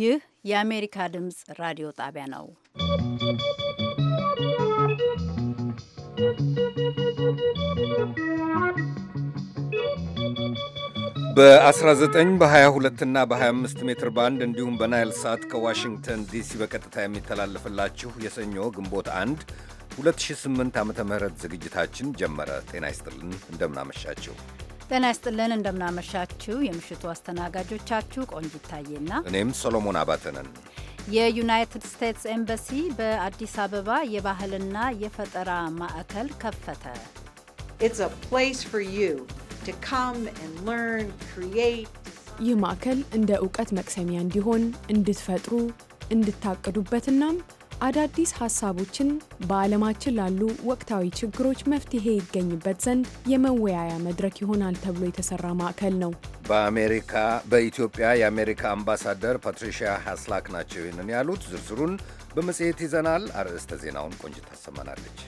ይህ የአሜሪካ ድምፅ ራዲዮ ጣቢያ ነው። በ19 በ22 እና በ25 ሜትር ባንድ እንዲሁም በናይል ሳት ከዋሽንግተን ዲሲ በቀጥታ የሚተላለፍላችሁ የሰኞ ግንቦት 1 2008 ዓ ም ዝግጅታችን ጀመረ። ጤና ይስጥልን፣ እንደምናመሻችሁ ጤና ይስጥልን እንደምናመሻችው የምሽቱ አስተናጋጆቻችሁ ቆንጅ ይታየና እኔም ሶሎሞን አባተነን። የዩናይትድ ስቴትስ ኤምባሲ በአዲስ አበባ የባህልና የፈጠራ ማዕከል ከፈተ። ይህ ማዕከል እንደ እውቀት መቅሰሚያ እንዲሆን እንድትፈጥሩ እንድታቅዱበትናም አዳዲስ ሀሳቦችን በዓለማችን ላሉ ወቅታዊ ችግሮች መፍትሄ ይገኝበት ዘንድ የመወያያ መድረክ ይሆናል ተብሎ የተሰራ ማዕከል ነው። በአሜሪካ በኢትዮጵያ የአሜሪካ አምባሳደር ፓትሪሺያ ሀስላክ ናቸው ይህንን ያሉት። ዝርዝሩን በመጽሔት ይዘናል። አርዕስተ ዜናውን ቆንጅት ታሰማናለች።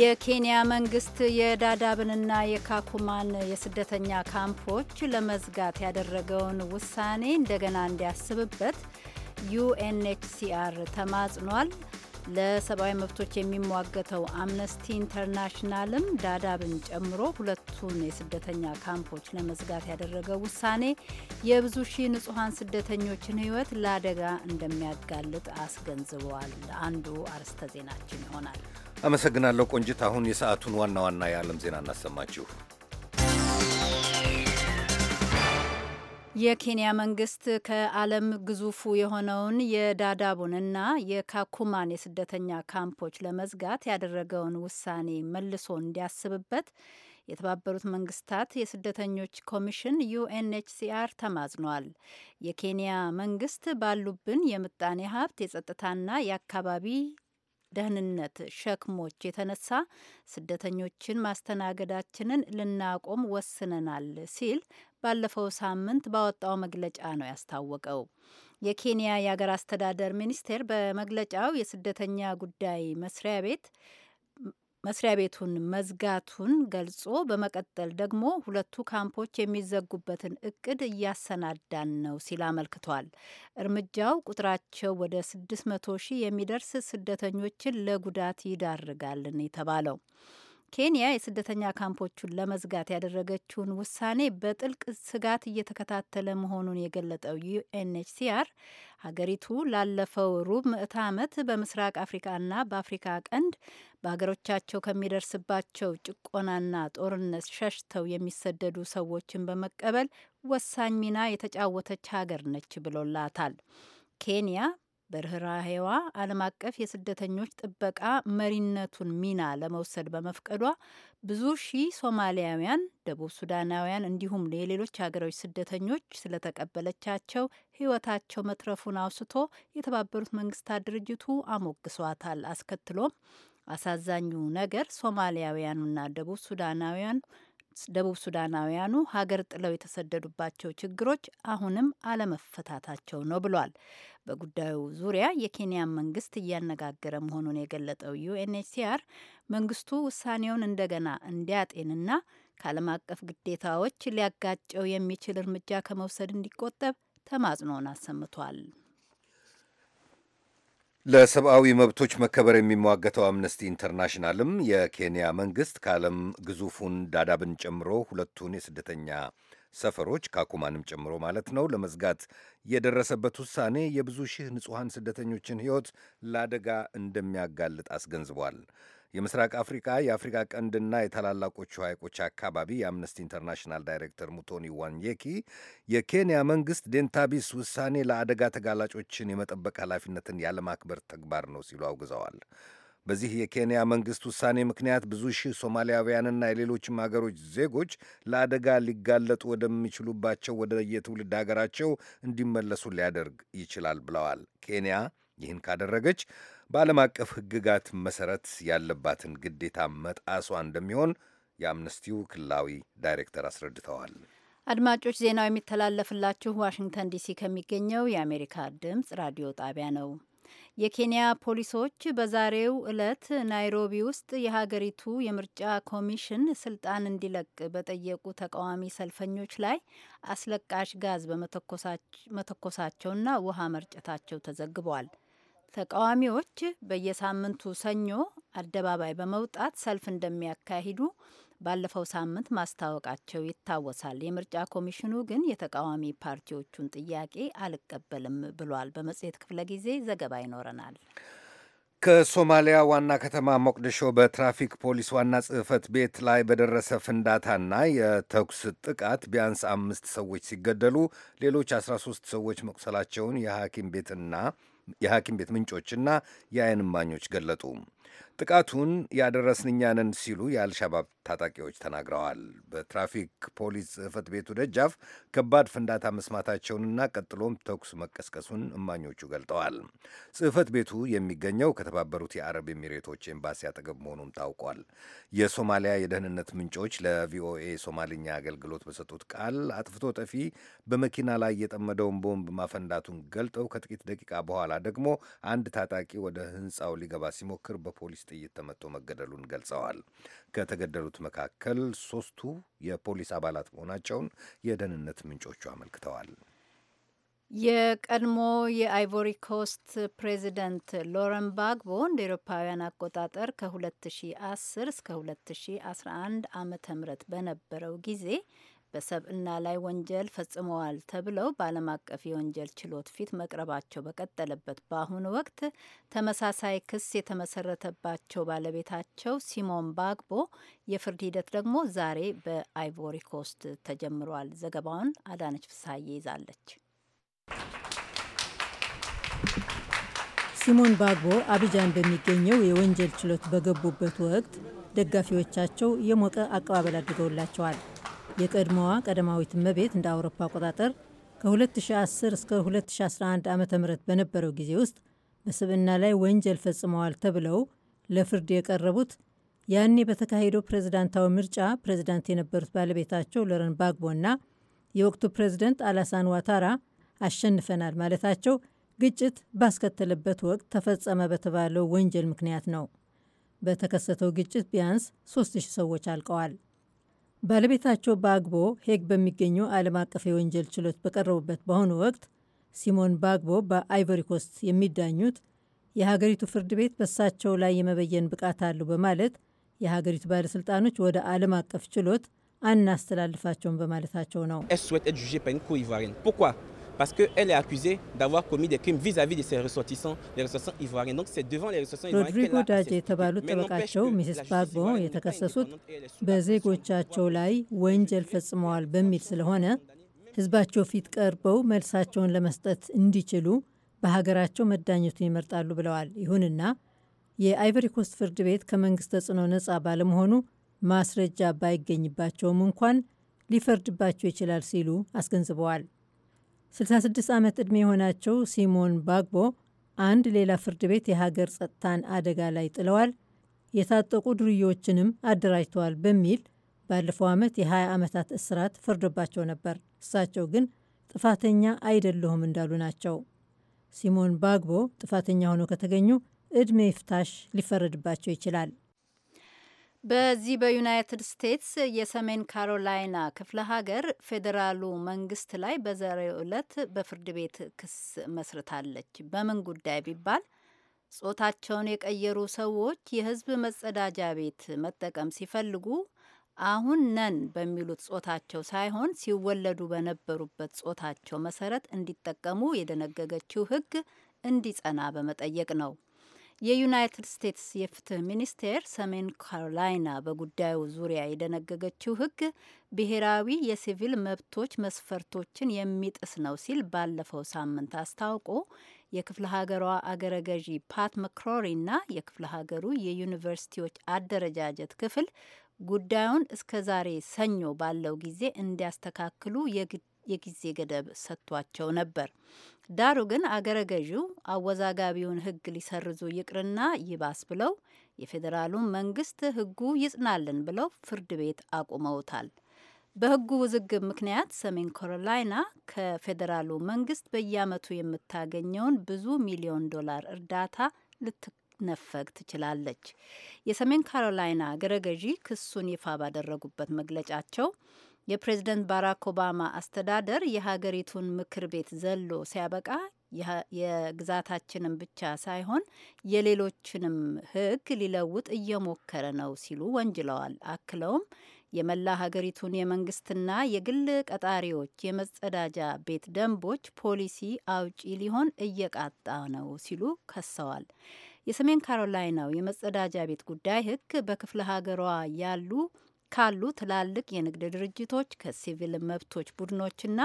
የኬንያ መንግስት የዳዳብንና የካኩማን የስደተኛ ካምፖች ለመዝጋት ያደረገውን ውሳኔ እንደገና እንዲያስብበት ዩኤንኤችሲአር ተማጽኗል። ለሰብአዊ መብቶች የሚሟገተው አምነስቲ ኢንተርናሽናልም ዳዳብን ጨምሮ ሁለቱን የስደተኛ ካምፖች ለመዝጋት ያደረገው ውሳኔ የብዙ ሺህ ንጹሐን ስደተኞችን ሕይወት ለአደጋ እንደሚያጋልጥ አስገንዝበዋል። አንዱ አርዕስተ ዜናችን ይሆናል። አመሰግናለሁ ቆንጂት። አሁን የሰዓቱን ዋና ዋና የዓለም ዜና እናሰማችሁ። የኬንያ መንግስት ከዓለም ግዙፉ የሆነውን የዳዳቡንና የካኩማን የስደተኛ ካምፖች ለመዝጋት ያደረገውን ውሳኔ መልሶ እንዲያስብበት የተባበሩት መንግስታት የስደተኞች ኮሚሽን ዩኤንኤችሲአር ተማጽኗል። የኬንያ መንግስት ባሉብን የምጣኔ ሀብት የጸጥታና የአካባቢ ደህንነት ሸክሞች የተነሳ ስደተኞችን ማስተናገዳችንን ልናቆም ወስነናል ሲል ባለፈው ሳምንት ባወጣው መግለጫ ነው ያስታወቀው። የኬንያ የሀገር አስተዳደር ሚኒስቴር በመግለጫው የስደተኛ ጉዳይ መስሪያ ቤት መስሪያ ቤቱን መዝጋቱን ገልጾ በመቀጠል ደግሞ ሁለቱ ካምፖች የሚዘጉበትን እቅድ እያሰናዳን ነው ሲል አመልክቷል። እርምጃው ቁጥራቸው ወደ 600 ሺህ የሚደርስ ስደተኞችን ለጉዳት ይዳርጋልን የተባለው ኬንያ የስደተኛ ካምፖቹን ለመዝጋት ያደረገችውን ውሳኔ በጥልቅ ስጋት እየተከታተለ መሆኑን የገለጠው ዩኤንኤችሲአር ሀገሪቱ ላለፈው ሩብ ምዕተ ዓመት በምስራቅ አፍሪካና በአፍሪካ ቀንድ በሀገሮቻቸው ከሚደርስባቸው ጭቆናና ጦርነት ሸሽተው የሚሰደዱ ሰዎችን በመቀበል ወሳኝ ሚና የተጫወተች ሀገር ነች ብሎላታል። ኬንያ በርኅራሄዋ ዓለም አቀፍ የስደተኞች ጥበቃ መሪነቱን ሚና ለመውሰድ በመፍቀዷ ብዙ ሺህ ሶማሊያውያን፣ ደቡብ ሱዳናውያን እንዲሁም የሌሎች ሀገሮች ስደተኞች ስለተቀበለቻቸው ሕይወታቸው መትረፉን አውስቶ የተባበሩት መንግስታት ድርጅቱ አሞግሷታል። አስከትሎም አሳዛኙ ነገር ሶማሊያውያኑና ደቡብ ሱዳናውያን ግብጽ ደቡብ ሱዳናውያኑ ሀገር ጥለው የተሰደዱባቸው ችግሮች አሁንም አለመፈታታቸው ነው ብሏል። በጉዳዩ ዙሪያ የኬንያን መንግስት እያነጋገረ መሆኑን የገለጠው ዩኤንኤችሲአር መንግስቱ ውሳኔውን እንደገና እንዲያጤንና ከዓለም አቀፍ ግዴታዎች ሊያጋጨው የሚችል እርምጃ ከመውሰድ እንዲቆጠብ ተማጽኖን አሰምቷል። ለሰብአዊ መብቶች መከበር የሚሟገተው አምነስቲ ኢንተርናሽናልም የኬንያ መንግስት ከዓለም ግዙፉን ዳዳብን ጨምሮ ሁለቱን የስደተኛ ሰፈሮች ካኩማንም ጨምሮ ማለት ነው ለመዝጋት የደረሰበት ውሳኔ የብዙ ሺህ ንጹሐን ስደተኞችን ሕይወት ለአደጋ እንደሚያጋልጥ አስገንዝቧል። የምስራቅ አፍሪካ የአፍሪካ ቀንድና የታላላቆቹ ሐይቆች አካባቢ የአምነስቲ ኢንተርናሽናል ዳይሬክተር ሙቶኒ ዋንየኪ የኬንያ መንግስት ዴንታቢስ ውሳኔ ለአደጋ ተጋላጮችን የመጠበቅ ኃላፊነትን ያለማክበር ተግባር ነው ሲሉ አውግዘዋል። በዚህ የኬንያ መንግስት ውሳኔ ምክንያት ብዙ ሺህ ሶማሊያውያንና የሌሎችም አገሮች ዜጎች ለአደጋ ሊጋለጡ ወደሚችሉባቸው ወደ የትውልድ አገራቸው እንዲመለሱ ሊያደርግ ይችላል ብለዋል። ኬንያ ይህን ካደረገች በዓለም አቀፍ ሕግጋት መሠረት ያለባትን ግዴታ መጣሷ እንደሚሆን የአምነስቲው ክልላዊ ዳይሬክተር አስረድተዋል። አድማጮች ዜናው የሚተላለፍላችሁ ዋሽንግተን ዲሲ ከሚገኘው የአሜሪካ ድምፅ ራዲዮ ጣቢያ ነው። የኬንያ ፖሊሶች በዛሬው ዕለት ናይሮቢ ውስጥ የሀገሪቱ የምርጫ ኮሚሽን ስልጣን እንዲለቅ በጠየቁ ተቃዋሚ ሰልፈኞች ላይ አስለቃሽ ጋዝ በመተኮሳቸውና ውሃ መርጨታቸው ተዘግቧል። ተቃዋሚዎች በየሳምንቱ ሰኞ አደባባይ በመውጣት ሰልፍ እንደሚያካሂዱ ባለፈው ሳምንት ማስታወቃቸው ይታወሳል። የምርጫ ኮሚሽኑ ግን የተቃዋሚ ፓርቲዎቹን ጥያቄ አልቀበልም ብሏል። በመጽሔት ክፍለ ጊዜ ዘገባ ይኖረናል። ከሶማሊያ ዋና ከተማ ሞቅዲሾ በትራፊክ ፖሊስ ዋና ጽሕፈት ቤት ላይ በደረሰ ፍንዳታና የተኩስ ጥቃት ቢያንስ አምስት ሰዎች ሲገደሉ ሌሎች 13 ሰዎች መቁሰላቸውን የሐኪም ቤትና የሐኪም ቤት ምንጮችና የአይን እማኞች ገለጡ። ጥቃቱን ያደረስንኛንን ሲሉ የአልሻባብ ታጣቂዎች ተናግረዋል። በትራፊክ ፖሊስ ጽህፈት ቤቱ ደጃፍ ከባድ ፍንዳታ መስማታቸውንና ቀጥሎም ተኩስ መቀስቀሱን እማኞቹ ገልጠዋል። ጽህፈት ቤቱ የሚገኘው ከተባበሩት የአረብ ኤሚሬቶች ኤምባሲ አጠገብ መሆኑም ታውቋል። የሶማሊያ የደህንነት ምንጮች ለቪኦኤ ሶማልኛ አገልግሎት በሰጡት ቃል አጥፍቶ ጠፊ በመኪና ላይ የጠመደውን ቦምብ ማፈንዳቱን ገልጠው ከጥቂት ደቂቃ በኋላ ደግሞ አንድ ታጣቂ ወደ ህንፃው ሊገባ ሲሞክር በፖሊስ ጥይት ተመቶ መገደሉን ገልጸዋል። ከተገደሉት መካከል ሶስቱ የፖሊስ አባላት መሆናቸውን የደህንነት ምንጮቹ አመልክተዋል። የቀድሞ የአይቮሪ ኮስት ፕሬዚደንት ሎረን ባግቦ እንደ ኤሮፓውያን አቆጣጠር ከ2010 እስከ 2011 ዓ ም በነበረው ጊዜ በሰብእና ላይ ወንጀል ፈጽመዋል ተብለው በዓለም አቀፍ የወንጀል ችሎት ፊት መቅረባቸው በቀጠለበት በአሁኑ ወቅት ተመሳሳይ ክስ የተመሰረተባቸው ባለቤታቸው ሲሞን ባግቦ የፍርድ ሂደት ደግሞ ዛሬ በአይቮሪ ኮስት ተጀምሯል። ዘገባውን አዳነች ፍስሀዬ ይዛለች። ሲሞን ባግቦ አብጃን በሚገኘው የወንጀል ችሎት በገቡበት ወቅት ደጋፊዎቻቸው የሞቀ አቀባበል አድርገውላቸዋል። የቀድሞዋ ቀዳማዊት እመቤት እንደ አውሮፓ አቆጣጠር ከ2010 እስከ 2011 ዓ ም በነበረው ጊዜ ውስጥ በስብና ላይ ወንጀል ፈጽመዋል ተብለው ለፍርድ የቀረቡት ያኔ በተካሄደው ፕሬዝዳንታዊ ምርጫ ፕሬዝዳንት የነበሩት ባለቤታቸው ሎረን ባግቦና የወቅቱ ፕሬዝደንት አላሳን ዋታራ አሸንፈናል ማለታቸው ግጭት ባስከተለበት ወቅት ተፈጸመ በተባለው ወንጀል ምክንያት ነው። በተከሰተው ግጭት ቢያንስ 3000 ሰዎች አልቀዋል። ባለቤታቸው ባግቦ ሄግ በሚገኘው ዓለም አቀፍ የወንጀል ችሎት በቀረቡበት በአሁኑ ወቅት ሲሞን ባግቦ በአይቨሪ ኮስት የሚዳኙት የሀገሪቱ ፍርድ ቤት በሳቸው ላይ የመበየን ብቃት አለው በማለት የሀገሪቱ ባለሥልጣኖች ወደ ዓለም አቀፍ ችሎት አናስተላልፋቸውም በማለታቸው ነው። parce qu'elle est accusée d'avoir commis des crimes vis-à-vis -vis de ses ressortissants, les ressortissants ivoiriens. Donc c'est devant les ressortissants ivoiriens ሮድሪጎ ዳጅ የተባሉት ጠበቃቸው ሚስስ ባግቦ የተከሰሱት በዜጎቻቸው ላይ ወንጀል ፈጽመዋል በሚል ስለሆነ ሕዝባቸው ፊት ቀርበው መልሳቸውን ለመስጠት እንዲችሉ በሀገራቸው መዳኘቱን ይመርጣሉ ብለዋል። ይሁንና የአይቨሪ ኮስት ፍርድ ቤት ከመንግስት ተጽዕኖ ነጻ ባለመሆኑ ማስረጃ ባይገኝባቸውም እንኳን ሊፈርድባቸው ይችላል ሲሉ አስገንዝበዋል። 66 ዓመት ዕድሜ የሆናቸው ሲሞን ባግቦ አንድ ሌላ ፍርድ ቤት የሀገር ጸጥታን አደጋ ላይ ጥለዋል፣ የታጠቁ ዱርዬዎችንም አደራጅተዋል በሚል ባለፈው ዓመት የ20 ዓመታት እስራት ፈርዶባቸው ነበር። እሳቸው ግን ጥፋተኛ አይደለሁም እንዳሉ ናቸው። ሲሞን ባግቦ ጥፋተኛ ሆነው ከተገኙ ዕድሜ ይፍታሽ ሊፈረድባቸው ይችላል። በዚህ በዩናይትድ ስቴትስ የሰሜን ካሮላይና ክፍለ ሀገር ፌዴራሉ መንግስት ላይ በዛሬው ዕለት በፍርድ ቤት ክስ መስርታለች። በምን ጉዳይ ቢባል ጾታቸውን የቀየሩ ሰዎች የህዝብ መጸዳጃ ቤት መጠቀም ሲፈልጉ አሁን ነን በሚሉት ጾታቸው ሳይሆን ሲወለዱ በነበሩበት ጾታቸው መሰረት እንዲጠቀሙ የደነገገችው ህግ እንዲጸና በመጠየቅ ነው። የዩናይትድ ስቴትስ የፍትህ ሚኒስቴር ሰሜን ካሮላይና በጉዳዩ ዙሪያ የደነገገችው ሕግ ብሔራዊ የሲቪል መብቶች መስፈርቶችን የሚጥስ ነው ሲል ባለፈው ሳምንት አስታውቆ የክፍለ ሀገሯ አገረ ገዢ ፓት መክሮሪና የክፍለ ሀገሩ የዩኒቨርሲቲዎች አደረጃጀት ክፍል ጉዳዩን እስከ ዛሬ ሰኞ ባለው ጊዜ እንዲያስተካክሉ የጊዜ ገደብ ሰጥቷቸው ነበር። ዳሩ ግን አገረ ገዢው አወዛጋቢውን ህግ ሊሰርዙ ይቅርና ይባስ ብለው የፌዴራሉን መንግስት ህጉ ይጽናልን ብለው ፍርድ ቤት አቁመውታል። በህጉ ውዝግብ ምክንያት ሰሜን ካሮላይና ከፌዴራሉ መንግስት በየዓመቱ የምታገኘውን ብዙ ሚሊዮን ዶላር እርዳታ ልትነፈግ ትችላለች። የሰሜን ካሮላይና አገረ ገዢ ክሱን ይፋ ባደረጉበት መግለጫቸው የፕሬዝደንት ባራክ ኦባማ አስተዳደር የሀገሪቱን ምክር ቤት ዘሎ ሲያበቃ የግዛታችንን ብቻ ሳይሆን የሌሎችንም ሕግ ሊለውጥ እየሞከረ ነው ሲሉ ወንጅለዋል። አክለውም የመላ ሀገሪቱን የመንግስትና የግል ቀጣሪዎች የመጸዳጃ ቤት ደንቦች ፖሊሲ አውጪ ሊሆን እየቃጣ ነው ሲሉ ከሰዋል። የሰሜን ካሮላይናው የመጸዳጃ ቤት ጉዳይ ሕግ በክፍለ ሀገሯ ያሉ ካሉ ትላልቅ የንግድ ድርጅቶች ከሲቪል መብቶች ቡድኖችና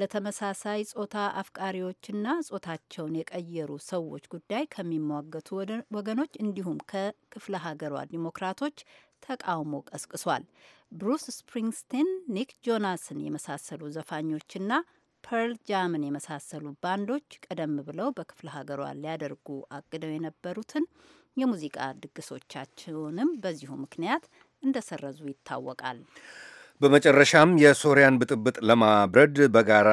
ለተመሳሳይ ጾታ አፍቃሪዎችና ጾታቸውን የቀየሩ ሰዎች ጉዳይ ከሚሟገቱ ወገኖች እንዲሁም ከክፍለ ሀገሯ ዲሞክራቶች ተቃውሞ ቀስቅሷል። ብሩስ ስፕሪንግስቲን፣ ኒክ ጆናስን የመሳሰሉ ዘፋኞችና ፐርል ጃምን የመሳሰሉ ባንዶች ቀደም ብለው በክፍለ ሀገሯ ሊያደርጉ አቅደው የነበሩትን የሙዚቃ ድግሶቻቸውንም በዚሁ ምክንያት እንደሰረዙ ይታወቃል። በመጨረሻም የሶሪያን ብጥብጥ ለማብረድ በጋራ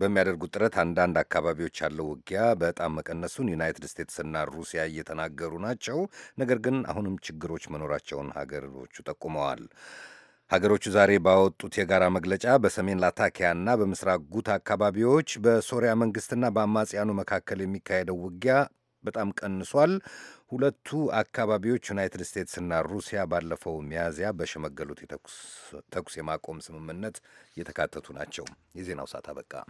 በሚያደርጉት ጥረት አንዳንድ አካባቢዎች ያለው ውጊያ በጣም መቀነሱን ዩናይትድ ስቴትስና ሩሲያ እየተናገሩ ናቸው። ነገር ግን አሁንም ችግሮች መኖራቸውን ሀገሮቹ ጠቁመዋል። ሀገሮቹ ዛሬ ባወጡት የጋራ መግለጫ በሰሜን ላታኪያና በምስራቅ ጉት አካባቢዎች በሶሪያ መንግስትና በአማጽያኑ መካከል የሚካሄደው ውጊያ በጣም ቀንሷል። ሁለቱ አካባቢዎች ዩናይትድ ስቴትስ እና ሩሲያ ባለፈው ሚያዝያ በሸመገሉት የተኩስ የማቆም ስምምነት የተካተቱ ናቸው። የዜናው ሰዓት አበቃ።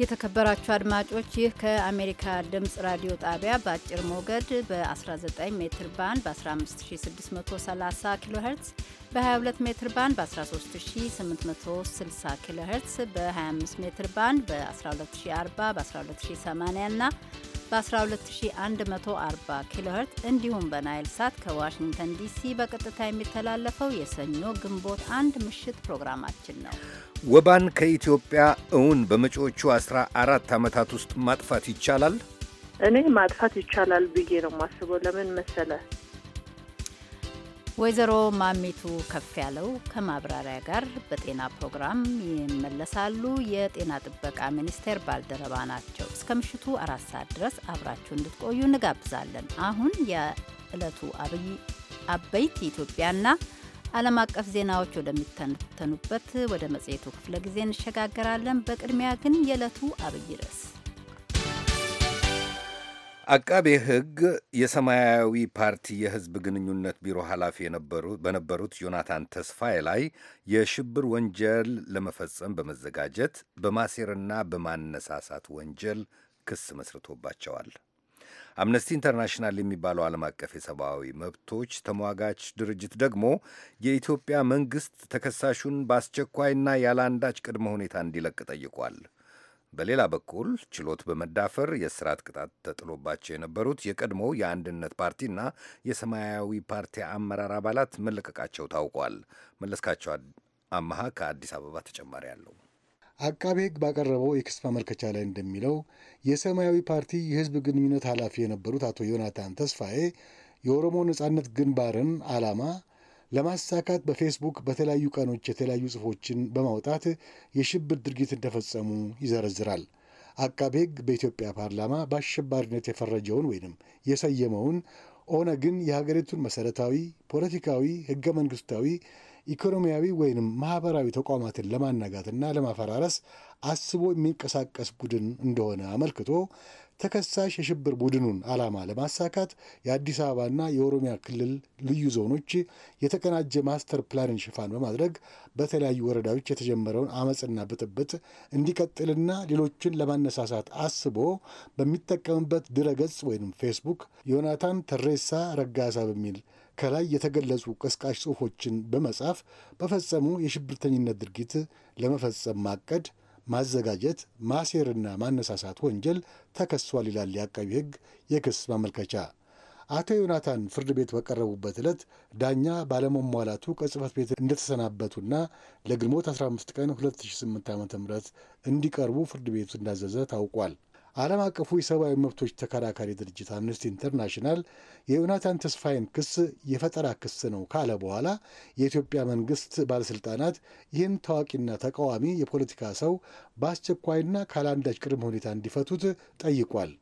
የተከበራችሁ አድማጮች ይህ ከአሜሪካ ድምፅ ራዲዮ ጣቢያ በአጭር ሞገድ በ19 ሜትር ባንድ በ15630 ኪሎ ሄርትስ በ22 ሜትር ባንድ በ13860 ኪሎ ሄርትስ በ25 ሜትር ባንድ በ12040 በ12080 እና በ12140 ኪሎ ሄርትስ እንዲሁም በናይል ሳት ከዋሽንግተን ዲሲ በቀጥታ የሚተላለፈው የሰኞ ግንቦት አንድ ምሽት ፕሮግራማችን ነው። ወባን ከኢትዮጵያ እውን በመጪዎቹ 14 ዓመታት ውስጥ ማጥፋት ይቻላል? እኔ ማጥፋት ይቻላል ብዬ ነው የማስበው። ለምን መሰለ ወይዘሮ ማሚቱ ከፍ ያለው ከማብራሪያ ጋር በጤና ፕሮግራም ይመለሳሉ። የጤና ጥበቃ ሚኒስቴር ባልደረባ ናቸው። እስከ ምሽቱ አራት ሰዓት ድረስ አብራችሁ እንድትቆዩ እንጋብዛለን። አሁን የዕለቱ አበይት ኢትዮጵያና ዓለም አቀፍ ዜናዎች ወደሚተነተኑበት ወደ መጽሔቱ ክፍለ ጊዜ እንሸጋገራለን። በቅድሚያ ግን የዕለቱ አብይ ርዕስ አቃቤ ሕግ የሰማያዊ ፓርቲ የሕዝብ ግንኙነት ቢሮ ኃላፊ በነበሩት ዮናታን ተስፋዬ ላይ የሽብር ወንጀል ለመፈጸም በመዘጋጀት በማሴርና በማነሳሳት ወንጀል ክስ መስርቶባቸዋል። አምነስቲ ኢንተርናሽናል የሚባለው ዓለም አቀፍ የሰብአዊ መብቶች ተሟጋች ድርጅት ደግሞ የኢትዮጵያ መንግሥት ተከሳሹን በአስቸኳይና ያለ አንዳች ቅድመ ሁኔታ እንዲለቅ ጠይቋል። በሌላ በኩል ችሎት በመዳፈር የእስራት ቅጣት ተጥሎባቸው የነበሩት የቀድሞ የአንድነት ፓርቲና የሰማያዊ ፓርቲ አመራር አባላት መለቀቃቸው ታውቋል። መለስካቸው አመሃ ከአዲስ አበባ ተጨማሪ አለው። አቃቤ ሕግ ባቀረበው የክስ ማመልከቻ ላይ እንደሚለው የሰማያዊ ፓርቲ የህዝብ ግንኙነት ኃላፊ የነበሩት አቶ ዮናታን ተስፋዬ የኦሮሞ ነጻነት ግንባርን ዓላማ ለማሳካት በፌስቡክ በተለያዩ ቀኖች የተለያዩ ጽሑፎችን በማውጣት የሽብር ድርጊት እንደፈጸሙ ይዘረዝራል። አቃቤ ሕግ በኢትዮጵያ ፓርላማ በአሸባሪነት የፈረጀውን ወይንም የሰየመውን ኦነግን የሀገሪቱን መሰረታዊ ፖለቲካዊ፣ ህገ መንግስታዊ፣ ኢኮኖሚያዊ ወይንም ማህበራዊ ተቋማትን ለማናጋትና ለማፈራረስ አስቦ የሚንቀሳቀስ ቡድን እንደሆነ አመልክቶ ተከሳሽ የሽብር ቡድኑን ዓላማ ለማሳካት የአዲስ አበባና የኦሮሚያ ክልል ልዩ ዞኖች የተቀናጀ ማስተር ፕላንን ሽፋን በማድረግ በተለያዩ ወረዳዎች የተጀመረውን አመፅና ብጥብጥ እንዲቀጥልና ሌሎችን ለማነሳሳት አስቦ በሚጠቀምበት ድረገጽ ወይም ፌስቡክ ዮናታን ተሬሳ ረጋሳ በሚል ከላይ የተገለጹ ቀስቃሽ ጽሑፎችን በመጻፍ በፈጸሙ የሽብርተኝነት ድርጊት ለመፈጸም ማቀድ ማዘጋጀት፣ ማሴርና ማነሳሳት ወንጀል ተከሷል ይላል የአቃቢ ሕግ የክስ ማመልከቻ። አቶ ዮናታን ፍርድ ቤት በቀረቡበት ዕለት ዳኛ ባለመሟላቱ ከጽህፈት ቤት እንደተሰናበቱና ለግንቦት 15 ቀን 2008 ዓ ም እንዲቀርቡ ፍርድ ቤቱ እንዳዘዘ ታውቋል። ዓለም አቀፉ የሰብአዊ መብቶች ተከራካሪ ድርጅት አምነስቲ ኢንተርናሽናል የዮናታን ተስፋዬን ክስ የፈጠራ ክስ ነው ካለ በኋላ የኢትዮጵያ መንግስት ባለስልጣናት ይህን ታዋቂና ተቃዋሚ የፖለቲካ ሰው በአስቸኳይና ካላንዳች ቅድመ ሁኔታ እንዲፈቱት ጠይቋል።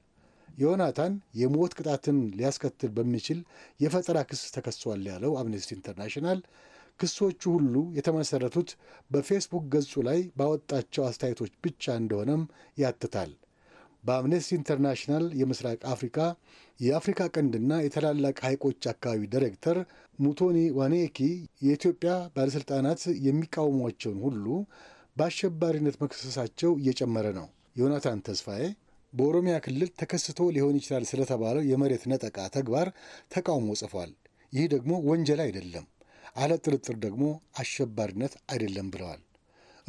ዮናታን የሞት ቅጣትን ሊያስከትል በሚችል የፈጠራ ክስ ተከሷል ያለው አምነስቲ ኢንተርናሽናል ክሶቹ ሁሉ የተመሰረቱት በፌስቡክ ገጹ ላይ ባወጣቸው አስተያየቶች ብቻ እንደሆነም ያትታል። በአምነስቲ ኢንተርናሽናል የምስራቅ አፍሪካ የአፍሪካ ቀንድና የታላላቅ ሐይቆች አካባቢ ዳይሬክተር ሙቶኒ ዋኔኪ የኢትዮጵያ ባለሥልጣናት የሚቃወሟቸውን ሁሉ በአሸባሪነት መከሰሳቸው እየጨመረ ነው። ዮናታን ተስፋዬ በኦሮሚያ ክልል ተከስቶ ሊሆን ይችላል ስለተባለው የመሬት ነጠቃ ተግባር ተቃውሞ ጽፏል። ይህ ደግሞ ወንጀል አይደለም፣ አለ ጥርጥር ደግሞ አሸባሪነት አይደለም ብለዋል።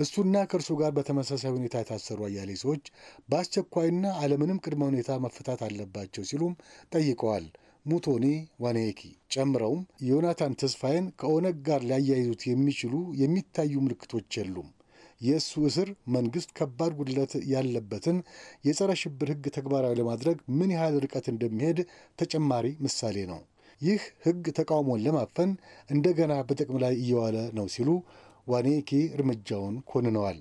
እሱና ከእርሱ ጋር በተመሳሳይ ሁኔታ የታሰሩ አያሌ ሰዎች በአስቸኳይና አለምንም ቅድመ ሁኔታ መፈታት አለባቸው ሲሉም ጠይቀዋል። ሙቶኒ ዋኔኪ ጨምረውም ዮናታን ተስፋዬን ከኦነግ ጋር ሊያያይዙት የሚችሉ የሚታዩ ምልክቶች የሉም። የእሱ እስር መንግስት ከባድ ጉድለት ያለበትን የጸረ ሽብር ሕግ ተግባራዊ ለማድረግ ምን ያህል ርቀት እንደሚሄድ ተጨማሪ ምሳሌ ነው። ይህ ሕግ ተቃውሞን ለማፈን እንደገና በጥቅም ላይ እየዋለ ነው ሲሉ ዋኔኬ እርምጃውን ኮንነዋል።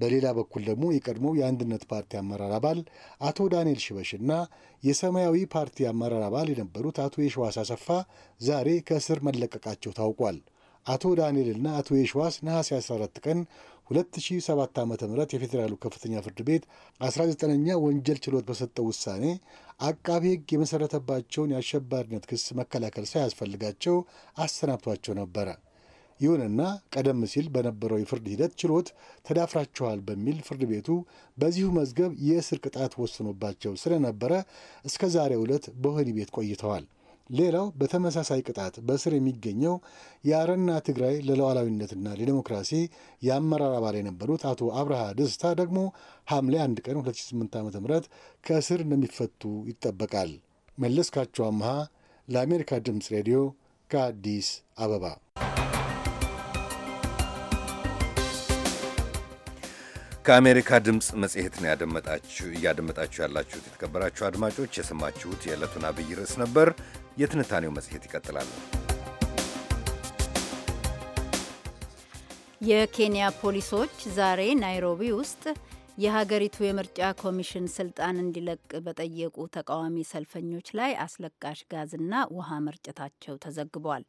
በሌላ በኩል ደግሞ የቀድሞው የአንድነት ፓርቲ አመራር አባል አቶ ዳንኤል ሽበሽና የሰማያዊ ፓርቲ አመራር አባል የነበሩት አቶ የሸዋስ አሰፋ ዛሬ ከእስር መለቀቃቸው ታውቋል። አቶ ዳንኤልና አቶ የሸዋስ ነሐሴ 14 ቀን 2007 ዓ ም የፌዴራሉ ከፍተኛ ፍርድ ቤት 19ኛ ወንጀል ችሎት በሰጠው ውሳኔ አቃቤ ሕግ የመሠረተባቸውን የአሸባሪነት ክስ መከላከል ሳያስፈልጋቸው አሰናብቷቸው ነበረ። ይሁንና ቀደም ሲል በነበረው የፍርድ ሂደት ችሎት ተዳፍራችኋል በሚል ፍርድ ቤቱ በዚሁ መዝገብ የእስር ቅጣት ወስኖባቸው ስለነበረ እስከ ዛሬ ዕለት በወህኒ ቤት ቆይተዋል። ሌላው በተመሳሳይ ቅጣት በእስር የሚገኘው የአረና ትግራይ ለሉዓላዊነትና ለዲሞክራሲ የአመራር አባል የነበሩት አቶ አብርሃ ደስታ ደግሞ ሐምሌ 1 ቀን 2008 ዓ ም ከእስር እንደሚፈቱ ይጠበቃል። መለስካቸው አምሃ ለአሜሪካ ድምፅ ሬዲዮ ከአዲስ አበባ ከአሜሪካ ድምፅ መጽሔት ነው እያደመጣችሁ ያላችሁት የተከበራችሁ አድማጮች። የሰማችሁት የዕለቱን አብይ ርዕስ ነበር። የትንታኔው መጽሔት ይቀጥላል። የኬንያ ፖሊሶች ዛሬ ናይሮቢ ውስጥ የሀገሪቱ የምርጫ ኮሚሽን ስልጣን እንዲለቅ በጠየቁ ተቃዋሚ ሰልፈኞች ላይ አስለቃሽ ጋዝና ውሃ መርጨታቸው ተዘግቧል።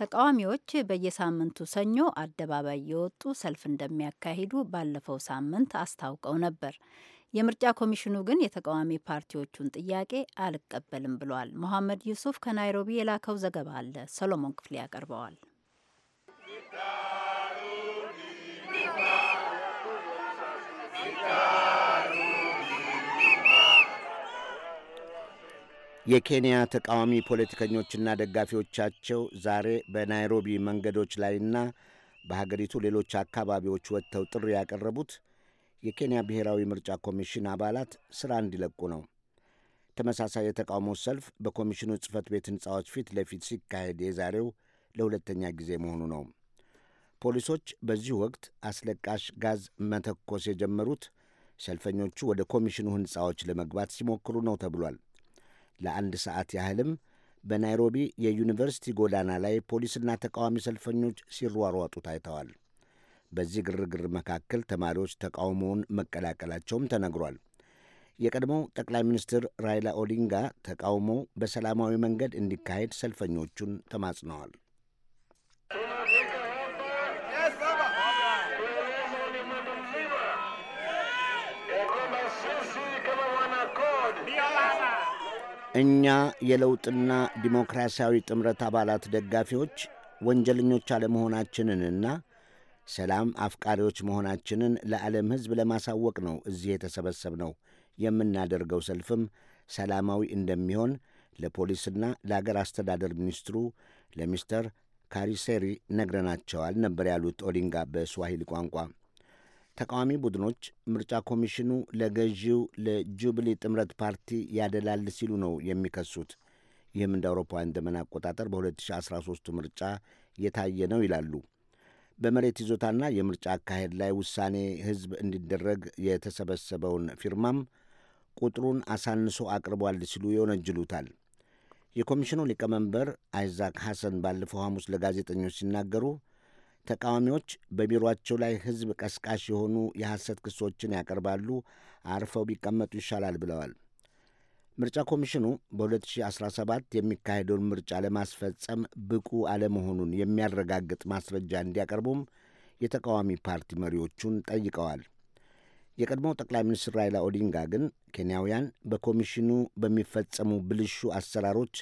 ተቃዋሚዎች በየሳምንቱ ሰኞ አደባባይ የወጡ ሰልፍ እንደሚያካሂዱ ባለፈው ሳምንት አስታውቀው ነበር። የምርጫ ኮሚሽኑ ግን የተቃዋሚ ፓርቲዎቹን ጥያቄ አልቀበልም ብሏል። መሐመድ ዩሱፍ ከናይሮቢ የላከው ዘገባ አለ። ሰሎሞን ክፍሌ ያቀርበዋል። የኬንያ ተቃዋሚ ፖለቲከኞችና ደጋፊዎቻቸው ዛሬ በናይሮቢ መንገዶች ላይና በሀገሪቱ ሌሎች አካባቢዎች ወጥተው ጥሪ ያቀረቡት የኬንያ ብሔራዊ ምርጫ ኮሚሽን አባላት ሥራ እንዲለቁ ነው። ተመሳሳይ የተቃውሞ ሰልፍ በኮሚሽኑ ጽሕፈት ቤት ሕንፃዎች ፊት ለፊት ሲካሄድ የዛሬው ለሁለተኛ ጊዜ መሆኑ ነው። ፖሊሶች በዚህ ወቅት አስለቃሽ ጋዝ መተኮስ የጀመሩት ሰልፈኞቹ ወደ ኮሚሽኑ ሕንፃዎች ለመግባት ሲሞክሩ ነው ተብሏል። ለአንድ ሰዓት ያህልም በናይሮቢ የዩኒቨርሲቲ ጎዳና ላይ ፖሊስና ተቃዋሚ ሰልፈኞች ሲሯሯጡ ታይተዋል። በዚህ ግርግር መካከል ተማሪዎች ተቃውሞውን መቀላቀላቸውም ተነግሯል። የቀድሞው ጠቅላይ ሚኒስትር ራይላ ኦዲንጋ ተቃውሞው በሰላማዊ መንገድ እንዲካሄድ ሰልፈኞቹን ተማጽነዋል። እኛ የለውጥና ዲሞክራሲያዊ ጥምረት አባላት ደጋፊዎች ወንጀለኞች አለመሆናችንንና ሰላም አፍቃሪዎች መሆናችንን ለዓለም ሕዝብ ለማሳወቅ ነው እዚህ የተሰበሰብነው። የምናደርገው ሰልፍም ሰላማዊ እንደሚሆን ለፖሊስና ለአገር አስተዳደር ሚኒስትሩ ለሚስተር ካሪሴሪ ነግረናቸዋል ነበር ያሉት ኦዲንጋ በስዋሂል ቋንቋ። ተቃዋሚ ቡድኖች ምርጫ ኮሚሽኑ ለገዢው ለጁብሊ ጥምረት ፓርቲ ያደላል ሲሉ ነው የሚከሱት። ይህም እንደ አውሮፓውያን ዘመን አቆጣጠር በ2013 ምርጫ የታየ ነው ይላሉ። በመሬት ይዞታና የምርጫ አካሄድ ላይ ውሳኔ ሕዝብ እንዲደረግ የተሰበሰበውን ፊርማም ቁጥሩን አሳንሶ አቅርቧል ሲሉ ይወነጅሉታል። የኮሚሽኑ ሊቀመንበር አይዛክ ሐሰን ባለፈው ሐሙስ ለጋዜጠኞች ሲናገሩ ተቃዋሚዎች በቢሮአቸው ላይ ሕዝብ ቀስቃሽ የሆኑ የሐሰት ክሶችን ያቀርባሉ፣ አርፈው ቢቀመጡ ይሻላል ብለዋል። ምርጫ ኮሚሽኑ በ2017 የሚካሄደውን ምርጫ ለማስፈጸም ብቁ አለመሆኑን የሚያረጋግጥ ማስረጃ እንዲያቀርቡም የተቃዋሚ ፓርቲ መሪዎቹን ጠይቀዋል። የቀድሞው ጠቅላይ ሚኒስትር ራይላ ኦዲንጋ ግን ኬንያውያን በኮሚሽኑ በሚፈጸሙ ብልሹ አሰራሮች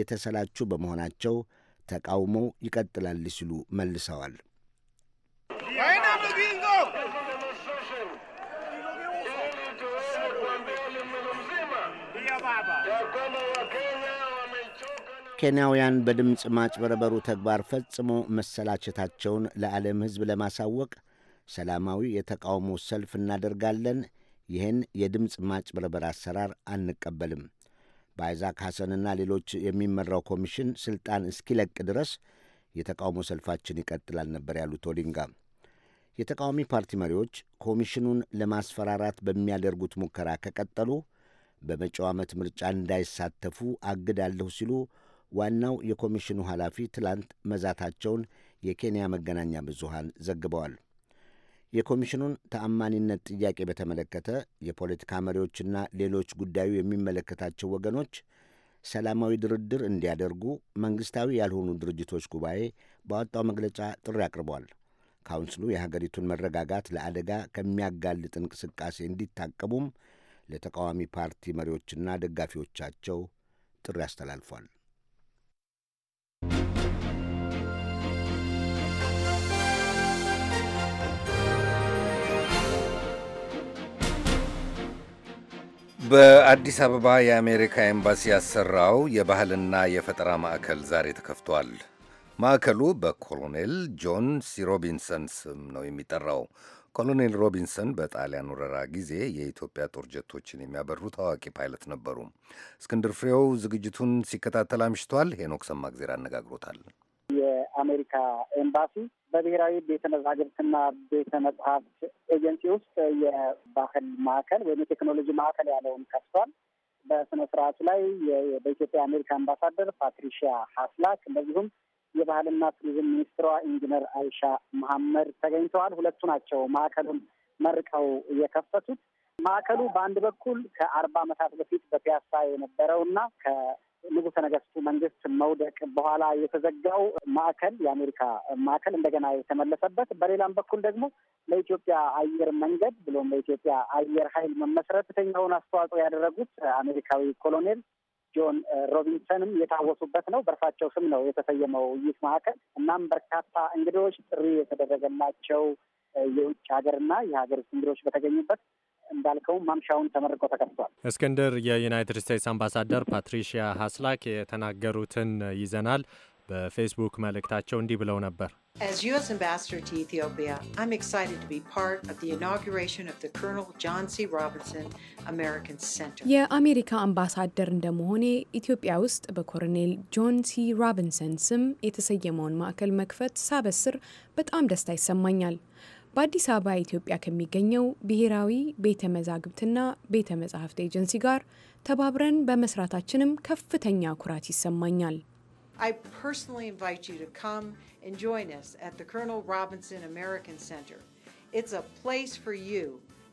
የተሰላቹ በመሆናቸው ተቃውሞው ይቀጥላል ሲሉ መልሰዋል። ኬንያውያን በድምፅ ማጭበረበሩ ተግባር ፈጽሞ መሰላቸታቸውን ለዓለም ሕዝብ ለማሳወቅ ሰላማዊ የተቃውሞ ሰልፍ እናደርጋለን። ይህን የድምፅ ማጭበረበር አሰራር አንቀበልም። በአይዛክ ሐሰንና ሌሎች የሚመራው ኮሚሽን ስልጣን እስኪለቅ ድረስ የተቃውሞ ሰልፋችን ይቀጥላል ነበር ያሉት ኦዲንጋ። የተቃዋሚ ፓርቲ መሪዎች ኮሚሽኑን ለማስፈራራት በሚያደርጉት ሙከራ ከቀጠሉ በመጪው ዓመት ምርጫ እንዳይሳተፉ አግዳለሁ ሲሉ ዋናው የኮሚሽኑ ኃላፊ ትላንት መዛታቸውን የኬንያ መገናኛ ብዙሃን ዘግበዋል። የኮሚሽኑን ተአማኒነት ጥያቄ በተመለከተ የፖለቲካ መሪዎችና ሌሎች ጉዳዩ የሚመለከታቸው ወገኖች ሰላማዊ ድርድር እንዲያደርጉ መንግሥታዊ ያልሆኑ ድርጅቶች ጉባኤ ባወጣው መግለጫ ጥሪ አቅርቧል። ካውንስሉ የሀገሪቱን መረጋጋት ለአደጋ ከሚያጋልጥ እንቅስቃሴ እንዲታቀቡም ለተቃዋሚ ፓርቲ መሪዎችና ደጋፊዎቻቸው ጥሪ አስተላልፏል። በአዲስ አበባ የአሜሪካ ኤምባሲ ያሰራው የባህልና የፈጠራ ማዕከል ዛሬ ተከፍቷል። ማዕከሉ በኮሎኔል ጆን ሲ ሮቢንሰን ስም ነው የሚጠራው። ኮሎኔል ሮቢንሰን በጣሊያን ወረራ ጊዜ የኢትዮጵያ ጦር ጀቶችን የሚያበሩ ታዋቂ ፓይለት ነበሩ። እስክንድር ፍሬው ዝግጅቱን ሲከታተል አምሽቷል። ሄኖክ ሰማግዜር አነጋግሮታል። አሜሪካ ኤምባሲ በብሔራዊ ቤተ መዛግብትና ቤተ መጽሐፍት ኤጀንሲ ውስጥ የባህል ማዕከል ወይም የቴክኖሎጂ ማዕከል ያለውን ከፍቷል። በስነ ስርዓቱ ላይ በኢትዮጵያ አሜሪካ አምባሳደር ፓትሪሺያ ሀስላክ እንደዚሁም የባህልና ቱሪዝም ሚኒስትሯ ኢንጂነር አይሻ መሐመድ ተገኝተዋል። ሁለቱ ናቸው ማዕከሉን መርቀው የከፈቱት። ማዕከሉ በአንድ በኩል ከአርባ ዓመታት በፊት በፒያሳ የነበረውና ንጉሠ ነገስቱ መንግስት መውደቅ በኋላ የተዘጋው ማዕከል የአሜሪካ ማዕከል እንደገና የተመለሰበት፣ በሌላም በኩል ደግሞ ለኢትዮጵያ አየር መንገድ ብሎም ለኢትዮጵያ አየር ኃይል መመስረት ከፍተኛውን አስተዋጽኦ ያደረጉት አሜሪካዊ ኮሎኔል ጆን ሮቢንሰንም የታወሱበት ነው። በእርሳቸው ስም ነው የተሰየመው ይህ ማዕከል። እናም በርካታ እንግዶች ጥሪ የተደረገላቸው የውጭ ሀገርና የሀገር ውስጥ እንግዶች በተገኙበት እንዳልከው ማምሻውን ተመርቆ ተከፍቷል። እስክንድር፣ የዩናይትድ ስቴትስ አምባሳደር ፓትሪሺያ ሀስላክ የተናገሩትን ይዘናል። በፌስቡክ መልእክታቸው እንዲህ ብለው ነበር። As U.S. Ambassador to Ethiopia, I'm excited to be part of the inauguration of the Colonel John C. Robinson American Center. የአሜሪካ አምባሳደር እንደመሆኔ ኢትዮጵያ ውስጥ በኮሎኔል ጆን ሲ ሮቢንሰን ስም የተሰየመውን ማዕከል መክፈት ሳበስር በጣም ደስታ ይሰማኛል። በአዲስ አበባ ኢትዮጵያ ከሚገኘው ብሔራዊ ቤተ መዛግብትና ቤተ መጻሕፍት ኤጀንሲ ጋር ተባብረን በመስራታችንም ከፍተኛ ኩራት ይሰማኛል። I personally invite you to come and join us at the Colonel Robinson American Center. It's a place for you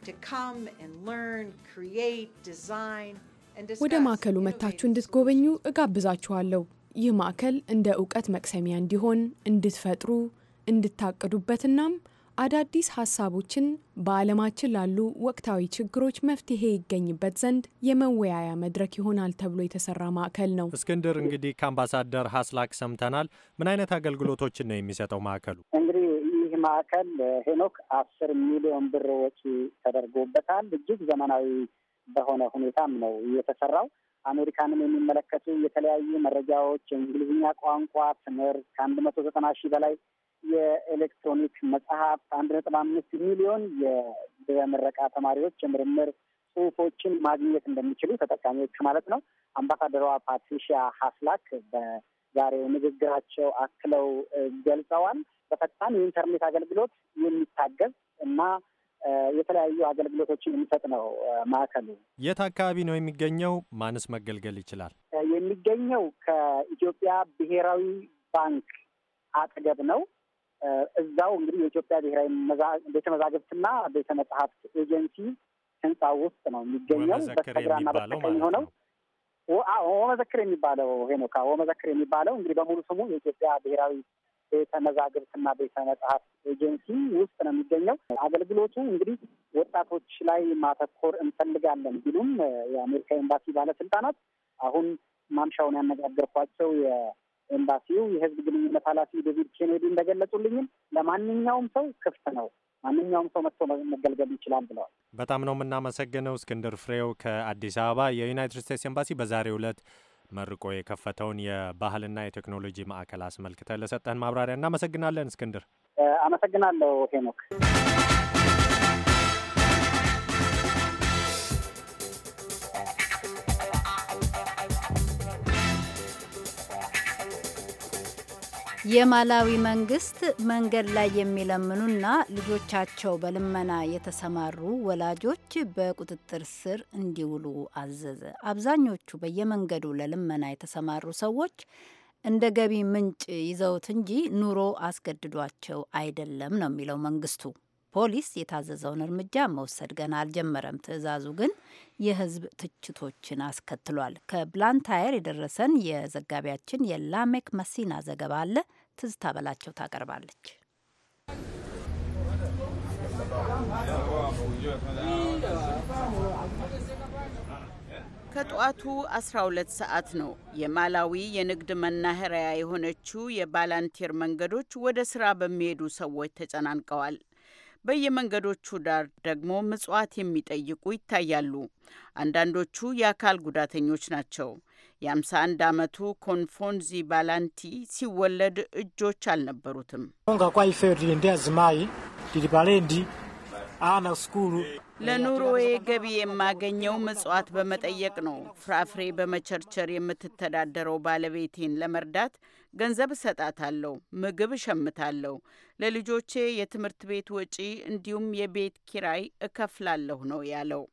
to come and learn, create, design ወደ ማዕከሉ መታችሁ እንድትጎበኙ እጋብዛችኋለሁ። ይህ ማዕከል እንደ እውቀት መቅሰሚያ እንዲሆን እንድትፈጥሩ እንድታቅዱበትናም አዳዲስ ሀሳቦችን በዓለማችን ላሉ ወቅታዊ ችግሮች መፍትሄ ይገኝበት ዘንድ የመወያያ መድረክ ይሆናል ተብሎ የተሰራ ማዕከል ነው። እስክንድር፣ እንግዲህ ከአምባሳደር ሀስላክ ሰምተናል። ምን አይነት አገልግሎቶችን ነው የሚሰጠው ማዕከሉ? እንግዲህ ይህ ማዕከል ሄኖክ አስር ሚሊዮን ብር ወጪ ተደርጎበታል። እጅግ ዘመናዊ በሆነ ሁኔታም ነው የተሰራው። አሜሪካንም የሚመለከቱ የተለያዩ መረጃዎች፣ የእንግሊዝኛ ቋንቋ ትምህርት ከአንድ መቶ ዘጠና ሺህ በላይ የኤሌክትሮኒክ መጽሐፍ፣ አንድ ነጥብ አምስት ሚሊዮን የምረቃ ተማሪዎች የምርምር ጽሁፎችን ማግኘት እንደሚችሉ ተጠቃሚዎቹ ማለት ነው። አምባሳደሯ ፓትሪሺያ ሀስላክ በዛሬው ንግግራቸው አክለው ገልጸዋል። በፈጣን የኢንተርኔት አገልግሎት የሚታገዝ እና የተለያዩ አገልግሎቶችን የሚሰጥ ነው ማዕከሉ። የት አካባቢ ነው የሚገኘው? ማንስ መገልገል ይችላል? የሚገኘው ከኢትዮጵያ ብሔራዊ ባንክ አጠገብ ነው። እዛው እንግዲህ የኢትዮጵያ ብሔራዊ ቤተ መዛግብትና ቤተ መጽሐፍት ኤጀንሲ ህንፃ ውስጥ ነው የሚገኘው። በስተግራና በስተቀኝ ሆነው ወመዘክር የሚባለው ሄኖካ ወመዘክር የሚባለው እንግዲህ በሙሉ ስሙ የኢትዮጵያ ብሔራዊ ቤተ መዛግብትና ቤተ መጽሐፍት ኤጀንሲ ውስጥ ነው የሚገኘው። አገልግሎቱ እንግዲህ ወጣቶች ላይ ማተኮር እንፈልጋለን ቢሉም የአሜሪካ ኤምባሲ ባለስልጣናት አሁን ማምሻውን ያነጋገርኳቸው ኤምባሲው የህዝብ ግንኙነት ኃላፊ ዴቪድ ኬኔዲ እንደገለጹልኝም ለማንኛውም ሰው ክፍት ነው፣ ማንኛውም ሰው መጥቶ መገልገል ይችላል ብለዋል። በጣም ነው የምናመሰግነው እስክንድር ፍሬው ከአዲስ አበባ። የዩናይትድ ስቴትስ ኤምባሲ በዛሬው ዕለት መርቆ የከፈተውን የባህልና የቴክኖሎጂ ማዕከል አስመልክተ ለሰጠህን ማብራሪያ እናመሰግናለን እስክንድር። አመሰግናለሁ ሄኖክ። የማላዊ መንግስት መንገድ ላይ የሚለምኑና ልጆቻቸው በልመና የተሰማሩ ወላጆች በቁጥጥር ስር እንዲውሉ አዘዘ። አብዛኞቹ በየመንገዱ ለልመና የተሰማሩ ሰዎች እንደ ገቢ ምንጭ ይዘውት እንጂ ኑሮ አስገድዷቸው አይደለም ነው የሚለው መንግስቱ። ፖሊስ የታዘዘውን እርምጃ መውሰድ ገና አልጀመረም። ትዕዛዙ ግን የህዝብ ትችቶችን አስከትሏል። ከብላንታየር የደረሰን የዘጋቢያችን የላሜክ መሲና ዘገባ አለ። ትዝታ በላቸው ታቀርባለች። ከጠዋቱ 12 ሰዓት ነው የማላዊ የንግድ መናኸሪያ የሆነችው የባላንቴር መንገዶች ወደ ስራ በሚሄዱ ሰዎች ተጨናንቀዋል። በየመንገዶቹ ዳር ደግሞ ምጽዋት የሚጠይቁ ይታያሉ። አንዳንዶቹ የአካል ጉዳተኞች ናቸው። የ51 ዓመቱ ኮንፎንዚ ባላንቲ ሲወለድ እጆች አልነበሩትም። ለኑሮዬ ገቢ የማገኘው ምጽዋት በመጠየቅ ነው። ፍራፍሬ በመቸርቸር የምትተዳደረው ባለቤቴን ለመርዳት ገንዘብ እሰጣታለሁ፣ ምግብ እሸምታለሁ፣ ለልጆቼ የትምህርት ቤት ወጪ እንዲሁም የቤት ኪራይ እከፍላለሁ ነው ያለው።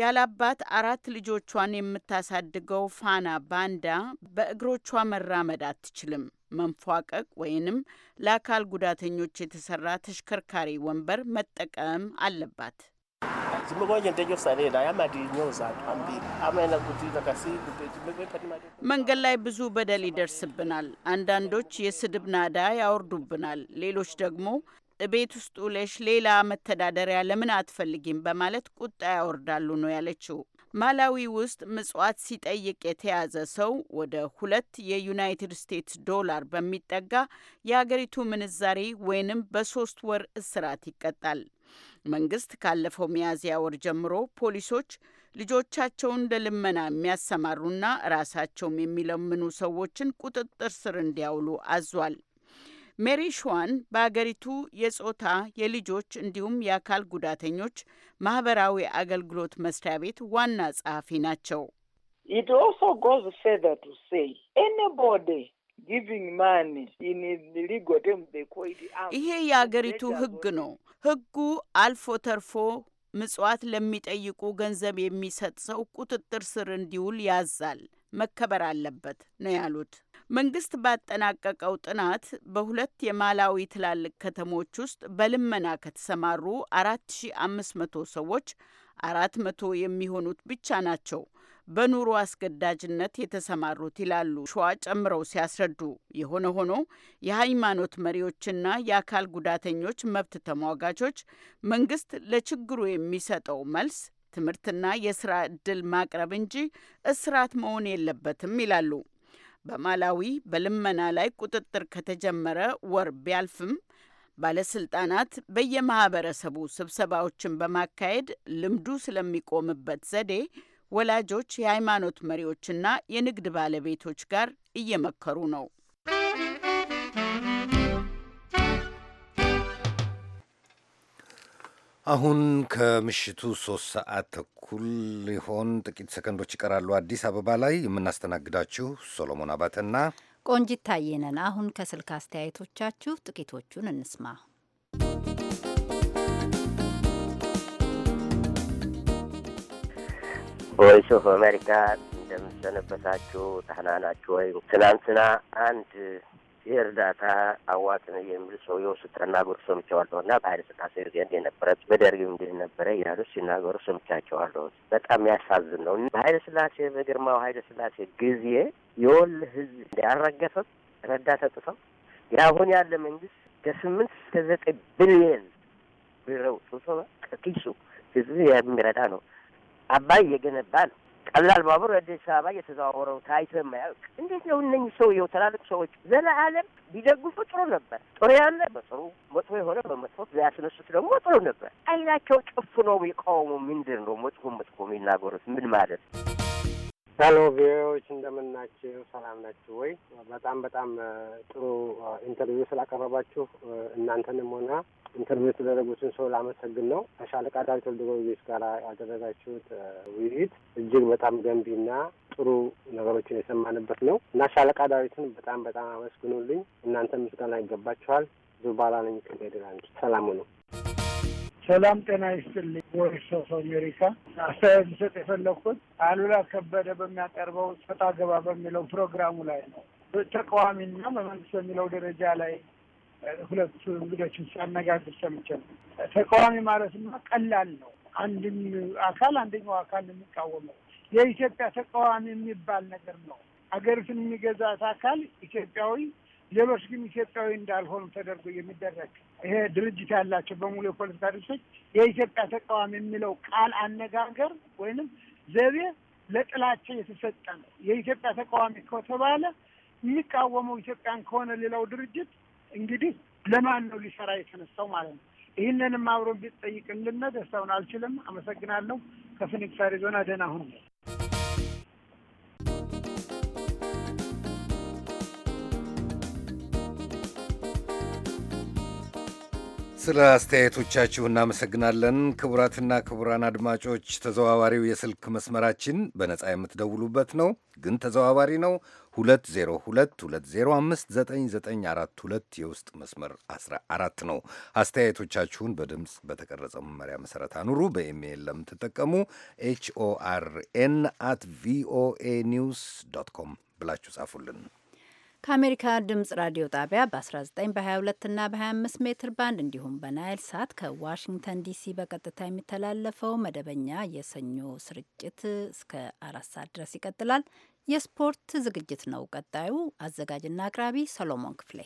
ያላባት አራት ልጆቿን የምታሳድገው ፋና ባንዳ በእግሮቿ መራመድ አትችልም። መንፏቀቅ ወይንም ለአካል ጉዳተኞች የተሰራ ተሽከርካሪ ወንበር መጠቀም አለባት። መንገድ ላይ ብዙ በደል ይደርስብናል። አንዳንዶች የስድብ ናዳ ያወርዱብናል። ሌሎች ደግሞ ቤት ውስጥ ውለሽ ሌላ መተዳደሪያ ለምን አትፈልጊም በማለት ቁጣ ያወርዳሉ ነው ያለችው። ማላዊ ውስጥ ምጽዋት ሲጠይቅ የተያዘ ሰው ወደ ሁለት የዩናይትድ ስቴትስ ዶላር በሚጠጋ የአገሪቱ ምንዛሬ ወይንም በሶስት ወር እስራት ይቀጣል። መንግስት ካለፈው ሚያዝያ ወር ጀምሮ ፖሊሶች ልጆቻቸውን ለልመና የሚያሰማሩና ራሳቸውም የሚለምኑ ሰዎችን ቁጥጥር ስር እንዲያውሉ አዟል። ሜሪ ሽዋን በአገሪቱ የጾታ የልጆች እንዲሁም የአካል ጉዳተኞች ማህበራዊ አገልግሎት መስሪያ ቤት ዋና ጸሐፊ ናቸው። ይሄ የአገሪቱ ሕግ ነው። ህጉ አልፎ ተርፎ ምጽዋት ለሚጠይቁ ገንዘብ የሚሰጥ ሰው ቁጥጥር ስር እንዲውል ያዛል፣ መከበር አለበት ነው ያሉት። መንግስት ባጠናቀቀው ጥናት በሁለት የማላዊ ትላልቅ ከተሞች ውስጥ በልመና ከተሰማሩ መቶ ሰዎች መቶ የሚሆኑት ብቻ ናቸው በኑሮ አስገዳጅነት የተሰማሩት ይላሉ ሸዋ ጨምረው ሲያስረዱ። የሆነ ሆኖ የሃይማኖት መሪዎችና የአካል ጉዳተኞች መብት ተሟጋቾች መንግስት ለችግሩ የሚሰጠው መልስ ትምህርትና የስራ እድል ማቅረብ እንጂ እስራት መሆን የለበትም ይላሉ። በማላዊ በልመና ላይ ቁጥጥር ከተጀመረ ወር ቢያልፍም ባለስልጣናት በየማህበረሰቡ ስብሰባዎችን በማካሄድ ልምዱ ስለሚቆምበት ዘዴ ወላጆች፣ የሃይማኖት መሪዎችና የንግድ ባለቤቶች ጋር እየመከሩ ነው። አሁን ከምሽቱ ሶስት ሰዓት ተኩል ሊሆን ጥቂት ሰከንዶች ይቀራሉ። አዲስ አበባ ላይ የምናስተናግዳችሁ ሶሎሞን አባተና ቆንጂት ታየነን። አሁን ከስልክ አስተያየቶቻችሁ ጥቂቶቹን እንስማ። ቮይስ ኦፍ አሜሪካ እንደምሰነበታችሁ እንደምንሰነበታችሁ ናችሁ ወይም ትናንትና አንድ የእርዳታ አዋት ነው የሚል ሰው የው ጎር ሰምቻዋለሁ እና በኃይለ ሥላሴ ጊዜ እንዲህ ነበረ በደርግ እንዲህ ነበረ እያሉ ሲናገሩ ሰምቻቸዋለሁ። በጣም ያሳዝን ነው። በኃይለ ሥላሴ በግርማው ኃይለ ሥላሴ ጊዜ የወል ህዝብ እንዲያልረገፈም ረዳ ተጥፈው የአሁን ያለ መንግስት ከስምንት እስከ ዘጠኝ ቢሊየን ብረው አውጥቶ ከኪሱ ህዝብ የሚረዳ ነው። አባይ እየገነባ ነው። ቀላል ባቡር አዲስ አበባ እየተዘዋወረው ታይቶ የማያውቅ እንዴት ነው? እነኝህ ሰውየው ትላልቅ ሰዎች ዘለዓለም ቢደግፉ ጥሩ ነበር። ጥሩ ያለ በጥሩ መጥፎ የሆነ በመጥፎ ያስነሱት ደግሞ ጥሩ ነበር። አይናቸው ነው የቃወሙ ምንድን ነው? መጥፎ መጥፎ የሚናገሩት ምን ማለት ነው? ሄሎ ቪኦኤዎች እንደምናችሁ፣ ሰላም ናችሁ ወይ? በጣም በጣም ጥሩ ኢንተርቪው ስላቀረባችሁ እናንተንም ሆነ ኢንተርቪው የተደረጉትን ሰው ላመሰግን ነው። ከሻለቃ ዳዊት ወልደጊዮርጊስ ጋር ያደረጋችሁት ውይይት እጅግ በጣም ገንቢና ጥሩ ነገሮችን የሰማንበት ነው እና ሻለቃ ዳዊትን በጣም በጣም አመስግኑልኝ። እናንተ ምስጋና ይገባችኋል። ዙባላ ነኝ ከሜሪላንድ። ሰላሙ ነው። ሰላም ጤና ይስጥልኝ። ቮይስ ኦፍ አሜሪካ አስተያየት ልሰጥ የፈለግኩት አሉላ ከበደ በሚያቀርበው ሰጥ ገባ በሚለው ፕሮግራሙ ላይ ነው። ተቃዋሚና በመንግስት በሚለው ደረጃ ላይ ሁለቱ እንግዶችን ሲያነጋግር ሰምቼ ነው። ተቃዋሚ ማለትማ ቀላል ነው። አንድም አካል አንደኛው አካል የሚቃወመው የኢትዮጵያ ተቃዋሚ የሚባል ነገር ነው። ሀገሪቱን የሚገዛት አካል ኢትዮጵያዊ ሌሎች ግን ኢትዮጵያዊ እንዳልሆኑ ተደርጎ የሚደረግ ይሄ ድርጅት ያላቸው በሙሉ የፖለቲካ ድርጅቶች የኢትዮጵያ ተቃዋሚ የሚለው ቃል አነጋገር ወይንም ዘቤ ለጥላቸው የተሰጠ ነው። የኢትዮጵያ ተቃዋሚ ከተባለ የሚቃወመው ኢትዮጵያን ከሆነ ሌላው ድርጅት እንግዲህ ለማን ነው ሊሰራ የተነሳው ማለት ነው። ይህንንም አብሮ ቢጠይቅልን ደስታውን አልችልም። አመሰግናለሁ። ከፊኒክስ አሪዞና ደህና ሁኑ። ስለ አስተያየቶቻችሁ እናመሰግናለን። ክቡራትና ክቡራን አድማጮች ተዘዋዋሪው የስልክ መስመራችን በነጻ የምትደውሉበት ነው፣ ግን ተዘዋዋሪ ነው። 2022059942 የውስጥ መስመር 14 ነው። አስተያየቶቻችሁን በድምፅ በተቀረጸው መመሪያ መሰረት አኑሩ። በኢሜይል ለምትጠቀሙ ኤችኦአርኤን አት ቪኦኤ ኒውስ ዶት ኮም ብላችሁ ጻፉልን። ከአሜሪካ ድምፅ ራዲዮ ጣቢያ በ19 በ22 እና በ25 ሜትር ባንድ እንዲሁም በናይል ሳት ከዋሽንግተን ዲሲ በቀጥታ የሚተላለፈው መደበኛ የሰኞ ስርጭት እስከ አራት ሰዓት ድረስ ይቀጥላል። የስፖርት ዝግጅት ነው። ቀጣዩ አዘጋጅና አቅራቢ ሰሎሞን ክፍሌ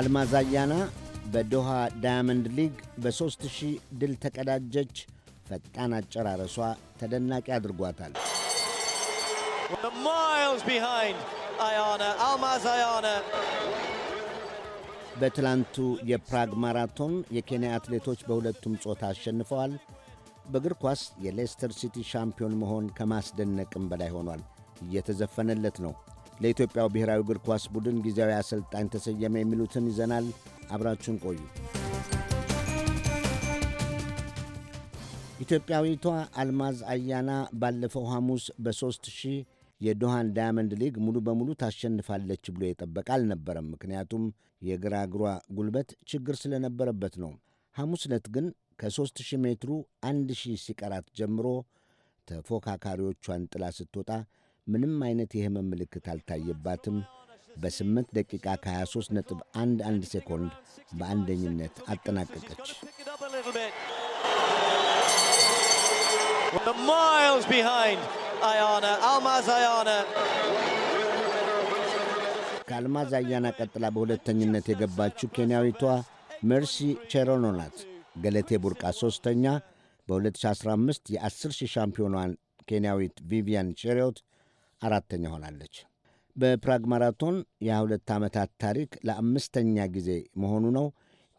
አልማዝ አያና በዶሃ ዳያመንድ ሊግ በ3000 ድል ተቀዳጀች። ፈጣን አጨራረሷ ተደናቂ አድርጓታል። በትላንቱ የፕራግ ማራቶን የኬንያ አትሌቶች በሁለቱም ጾታ አሸንፈዋል። በእግር ኳስ የሌስተር ሲቲ ሻምፒዮን መሆን ከማስደነቅም በላይ ሆኗል። እየተዘፈነለት ነው። ለኢትዮጵያው ብሔራዊ እግር ኳስ ቡድን ጊዜያዊ አሰልጣኝ ተሰየመ የሚሉትን ይዘናል። አብራችሁን ቆዩ። ኢትዮጵያዊቷ አልማዝ አያና ባለፈው ሐሙስ በሦስት ሺህ የዶሃን ዳያመንድ ሊግ ሙሉ በሙሉ ታሸንፋለች ብሎ የጠበቀ አልነበረም። ምክንያቱም የግራ እግሯ ጉልበት ችግር ስለነበረበት ነው። ሐሙስ ዕለት ግን ከሦስት ሺህ ሜትሩ አንድ ሺህ ሲቀራት ጀምሮ ተፎካካሪዎቿን ጥላ ስትወጣ ምንም አይነት የህመም ምልክት አልታየባትም። በ8 ደቂቃ ከ23 ነጥብ 11 ሴኮንድ በአንደኝነት አጠናቀቀች። We're miles behind Ayana, Almaz Ayana. ከአልማዝ አያና ቀጥላ በሁለተኝነት የገባችው ኬንያዊቷ ሜርሲ ቼሮኖ ናት። ገለቴ ቡርቃ ሦስተኛ፣ በ2015 የ10 ሺህ ሻምፒዮኗን ኬንያዊት ቪቪያን ቼሪዮት አራተኛ ሆናለች። በፕራግ ማራቶን የ22 ዓመታት ታሪክ ለአምስተኛ ጊዜ መሆኑ ነው።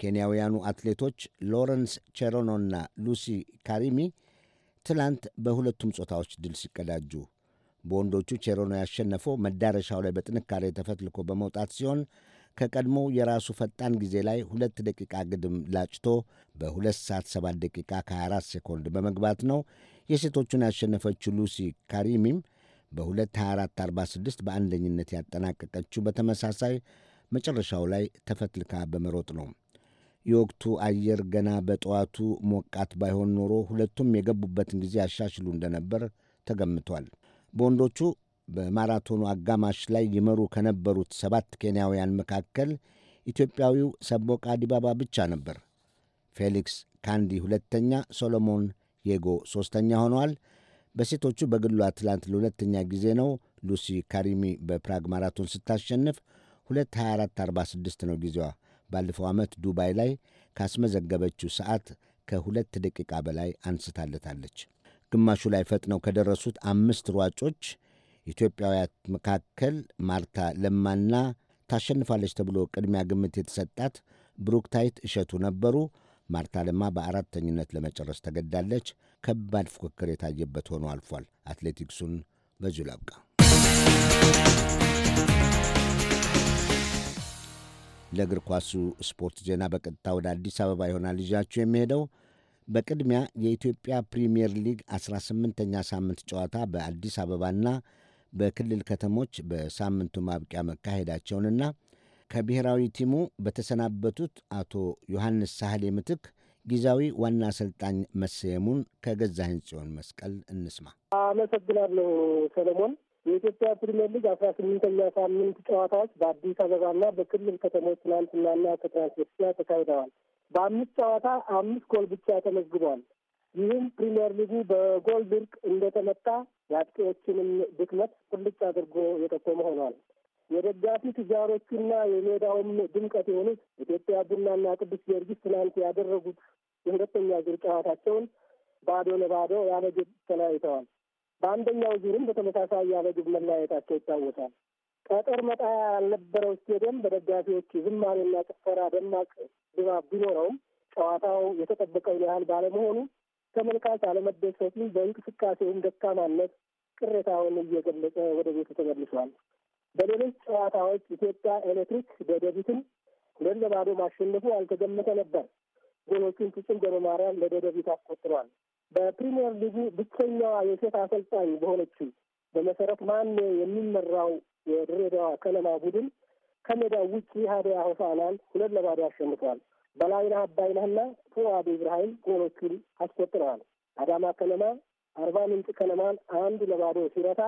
ኬንያውያኑ አትሌቶች ሎረንስ ቼሮኖና ሉሲ ካሪሚ ትላንት በሁለቱም ጾታዎች ድል ሲቀዳጁ በወንዶቹ ቼሮኖ ያሸነፈው መዳረሻው ላይ በጥንካሬ ተፈትልኮ በመውጣት ሲሆን ከቀድሞ የራሱ ፈጣን ጊዜ ላይ ሁለት ደቂቃ ግድም ላጭቶ በ2 ሰዓት 7 ደቂቃ ከ24 ሴኮንድ በመግባት ነው። የሴቶቹን ያሸነፈችው ሉሲ ካሪሚም በ22446 በአንደኝነት ያጠናቀቀችው በተመሳሳይ መጨረሻው ላይ ተፈትልካ በመሮጥ ነው። የወቅቱ አየር ገና በጠዋቱ ሞቃት ባይሆን ኖሮ ሁለቱም የገቡበትን ጊዜ ያሻሽሉ እንደነበር ተገምቷል። በወንዶቹ በማራቶኑ አጋማሽ ላይ ይመሩ ከነበሩት ሰባት ኬንያውያን መካከል ኢትዮጵያዊው ሰቦቃ ዲባባ ብቻ ነበር። ፌሊክስ ካንዲ ሁለተኛ፣ ሶሎሞን የጎ ሦስተኛ ሆነዋል። በሴቶቹ በግሏ ትላንት ለሁለተኛ ጊዜ ነው ሉሲ ካሪሚ በፕራግ ማራቶን ስታሸንፍ 22446 ነው ጊዜዋ። ባለፈው ዓመት ዱባይ ላይ ካስመዘገበችው ሰዓት ከሁለት ደቂቃ በላይ አንስታለታለች። ግማሹ ላይ ፈጥነው ከደረሱት አምስት ሯጮች ኢትዮጵያውያት መካከል ማርታ ለማና ታሸንፋለች ተብሎ ቅድሚያ ግምት የተሰጣት ብሩክታይት እሸቱ ነበሩ። ማርታ ለማ በአራተኝነት ለመጨረስ ተገዳለች። ከባድ ፉክክር የታየበት ሆኖ አልፏል። አትሌቲክሱን በዚሁ ላብቃ። ለእግር ኳሱ ስፖርት ዜና በቀጥታ ወደ አዲስ አበባ ይሆናል ይዣችሁ የሚሄደው። በቅድሚያ የኢትዮጵያ ፕሪምየር ሊግ 18ኛ ሳምንት ጨዋታ በአዲስ አበባና በክልል ከተሞች በሳምንቱ ማብቂያ መካሄዳቸውንና ከብሔራዊ ቲሙ በተሰናበቱት አቶ ዮሐንስ ሳህሌ ምትክ ጊዜያዊ ዋና አሰልጣኝ መሰየሙን ከገዛ ህንጽዮን መስቀል እንስማ። አመሰግናለሁ ሰለሞን። የኢትዮጵያ ፕሪምየር ሊግ አስራ ስምንተኛ ሳምንት ጨዋታዎች በአዲስ አበባና በክልል ከተሞች ትናንትናና ከትናንት በስቲያ ተካሂደዋል። በአምስት ጨዋታ አምስት ጎል ብቻ ተመዝግቧል። ይህም ፕሪምየር ሊጉ በጎል ድርቅ እንደተመታ የአጥቂዎችንም ድክመት ቁልጭ አድርጎ የጠቆመ ሆኗል። የደጋፊ ትጃሮቹና የሜዳውም ድምቀት የሆኑት ኢትዮጵያ ቡናና ቅዱስ ጊዮርጊስ ትናንት ያደረጉት የሁለተኛ ዙር ጨዋታቸውን ባዶ ለባዶ ያለ ግብ ተለያይተዋል። በአንደኛው ዙርም በተመሳሳይ ያለ ግብ መለያየታቸው ይታወሳል። ጠጠር መጣያ ያልነበረው ስቴዲየም በደጋፊዎች ዝማሬና ጭፈራ ደማቅ ድባብ ቢኖረውም ጨዋታው የተጠበቀውን ያህል ባለመሆኑ ተመልካች አለመደሰቱ በእንቅስቃሴውም ደካማነት ቅሬታውን እየገለጸ ወደ ቤቱ ተመልሷል። በሌሎች ጨዋታዎች ኢትዮጵያ ኤሌክትሪክ ደደቢትን ሁለት ለባዶ ማሸነፉ አልተገመተ ነበር። ጎሎቹን ፍጹም ገብረማርያም ለደደቢት አስቆጥሯል። በፕሪሚየር ሊጉ ብቸኛዋ የሴት አሰልጣኝ በሆነችው በመሰረት ማን የሚመራው የድሬዳዋ ከነማ ቡድን ከሜዳ ውጭ ሀዲያ ሆሳናን ሁለት ለባዶ አሸንፏል። በላይነህ አባይነህና ፉአድ ኢብራሂም ጎሎቹን አስቆጥረዋል። አዳማ ከነማ አርባ ምንጭ ከነማን አንድ ለባዶ ሲረታ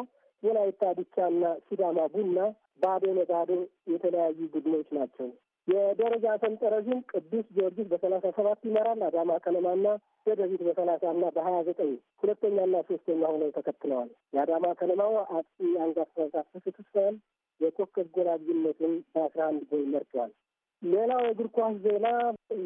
ወላይታ ዲቻና ሲዳማ ቡና ባዶ ለባዶ የተለያዩ ቡድኖች ናቸው። የደረጃ ሰንጠረዡን ቅዱስ ጊዮርጊስ በሰላሳ ሰባት ይመራል። አዳማ ከነማና ደደቢት በሰላሳ እና በሀያ ዘጠኝ ሁለተኛና ሶስተኛ ሆነው ተከትለዋል። የአዳማ ከነማው አጥቂ አንጋፋ ዛፉ ተስፋዬ የኮከብ ጎራጅነቱን በአስራ አንድ ጎል መርቷል። ሌላው የእግር ኳስ ዜና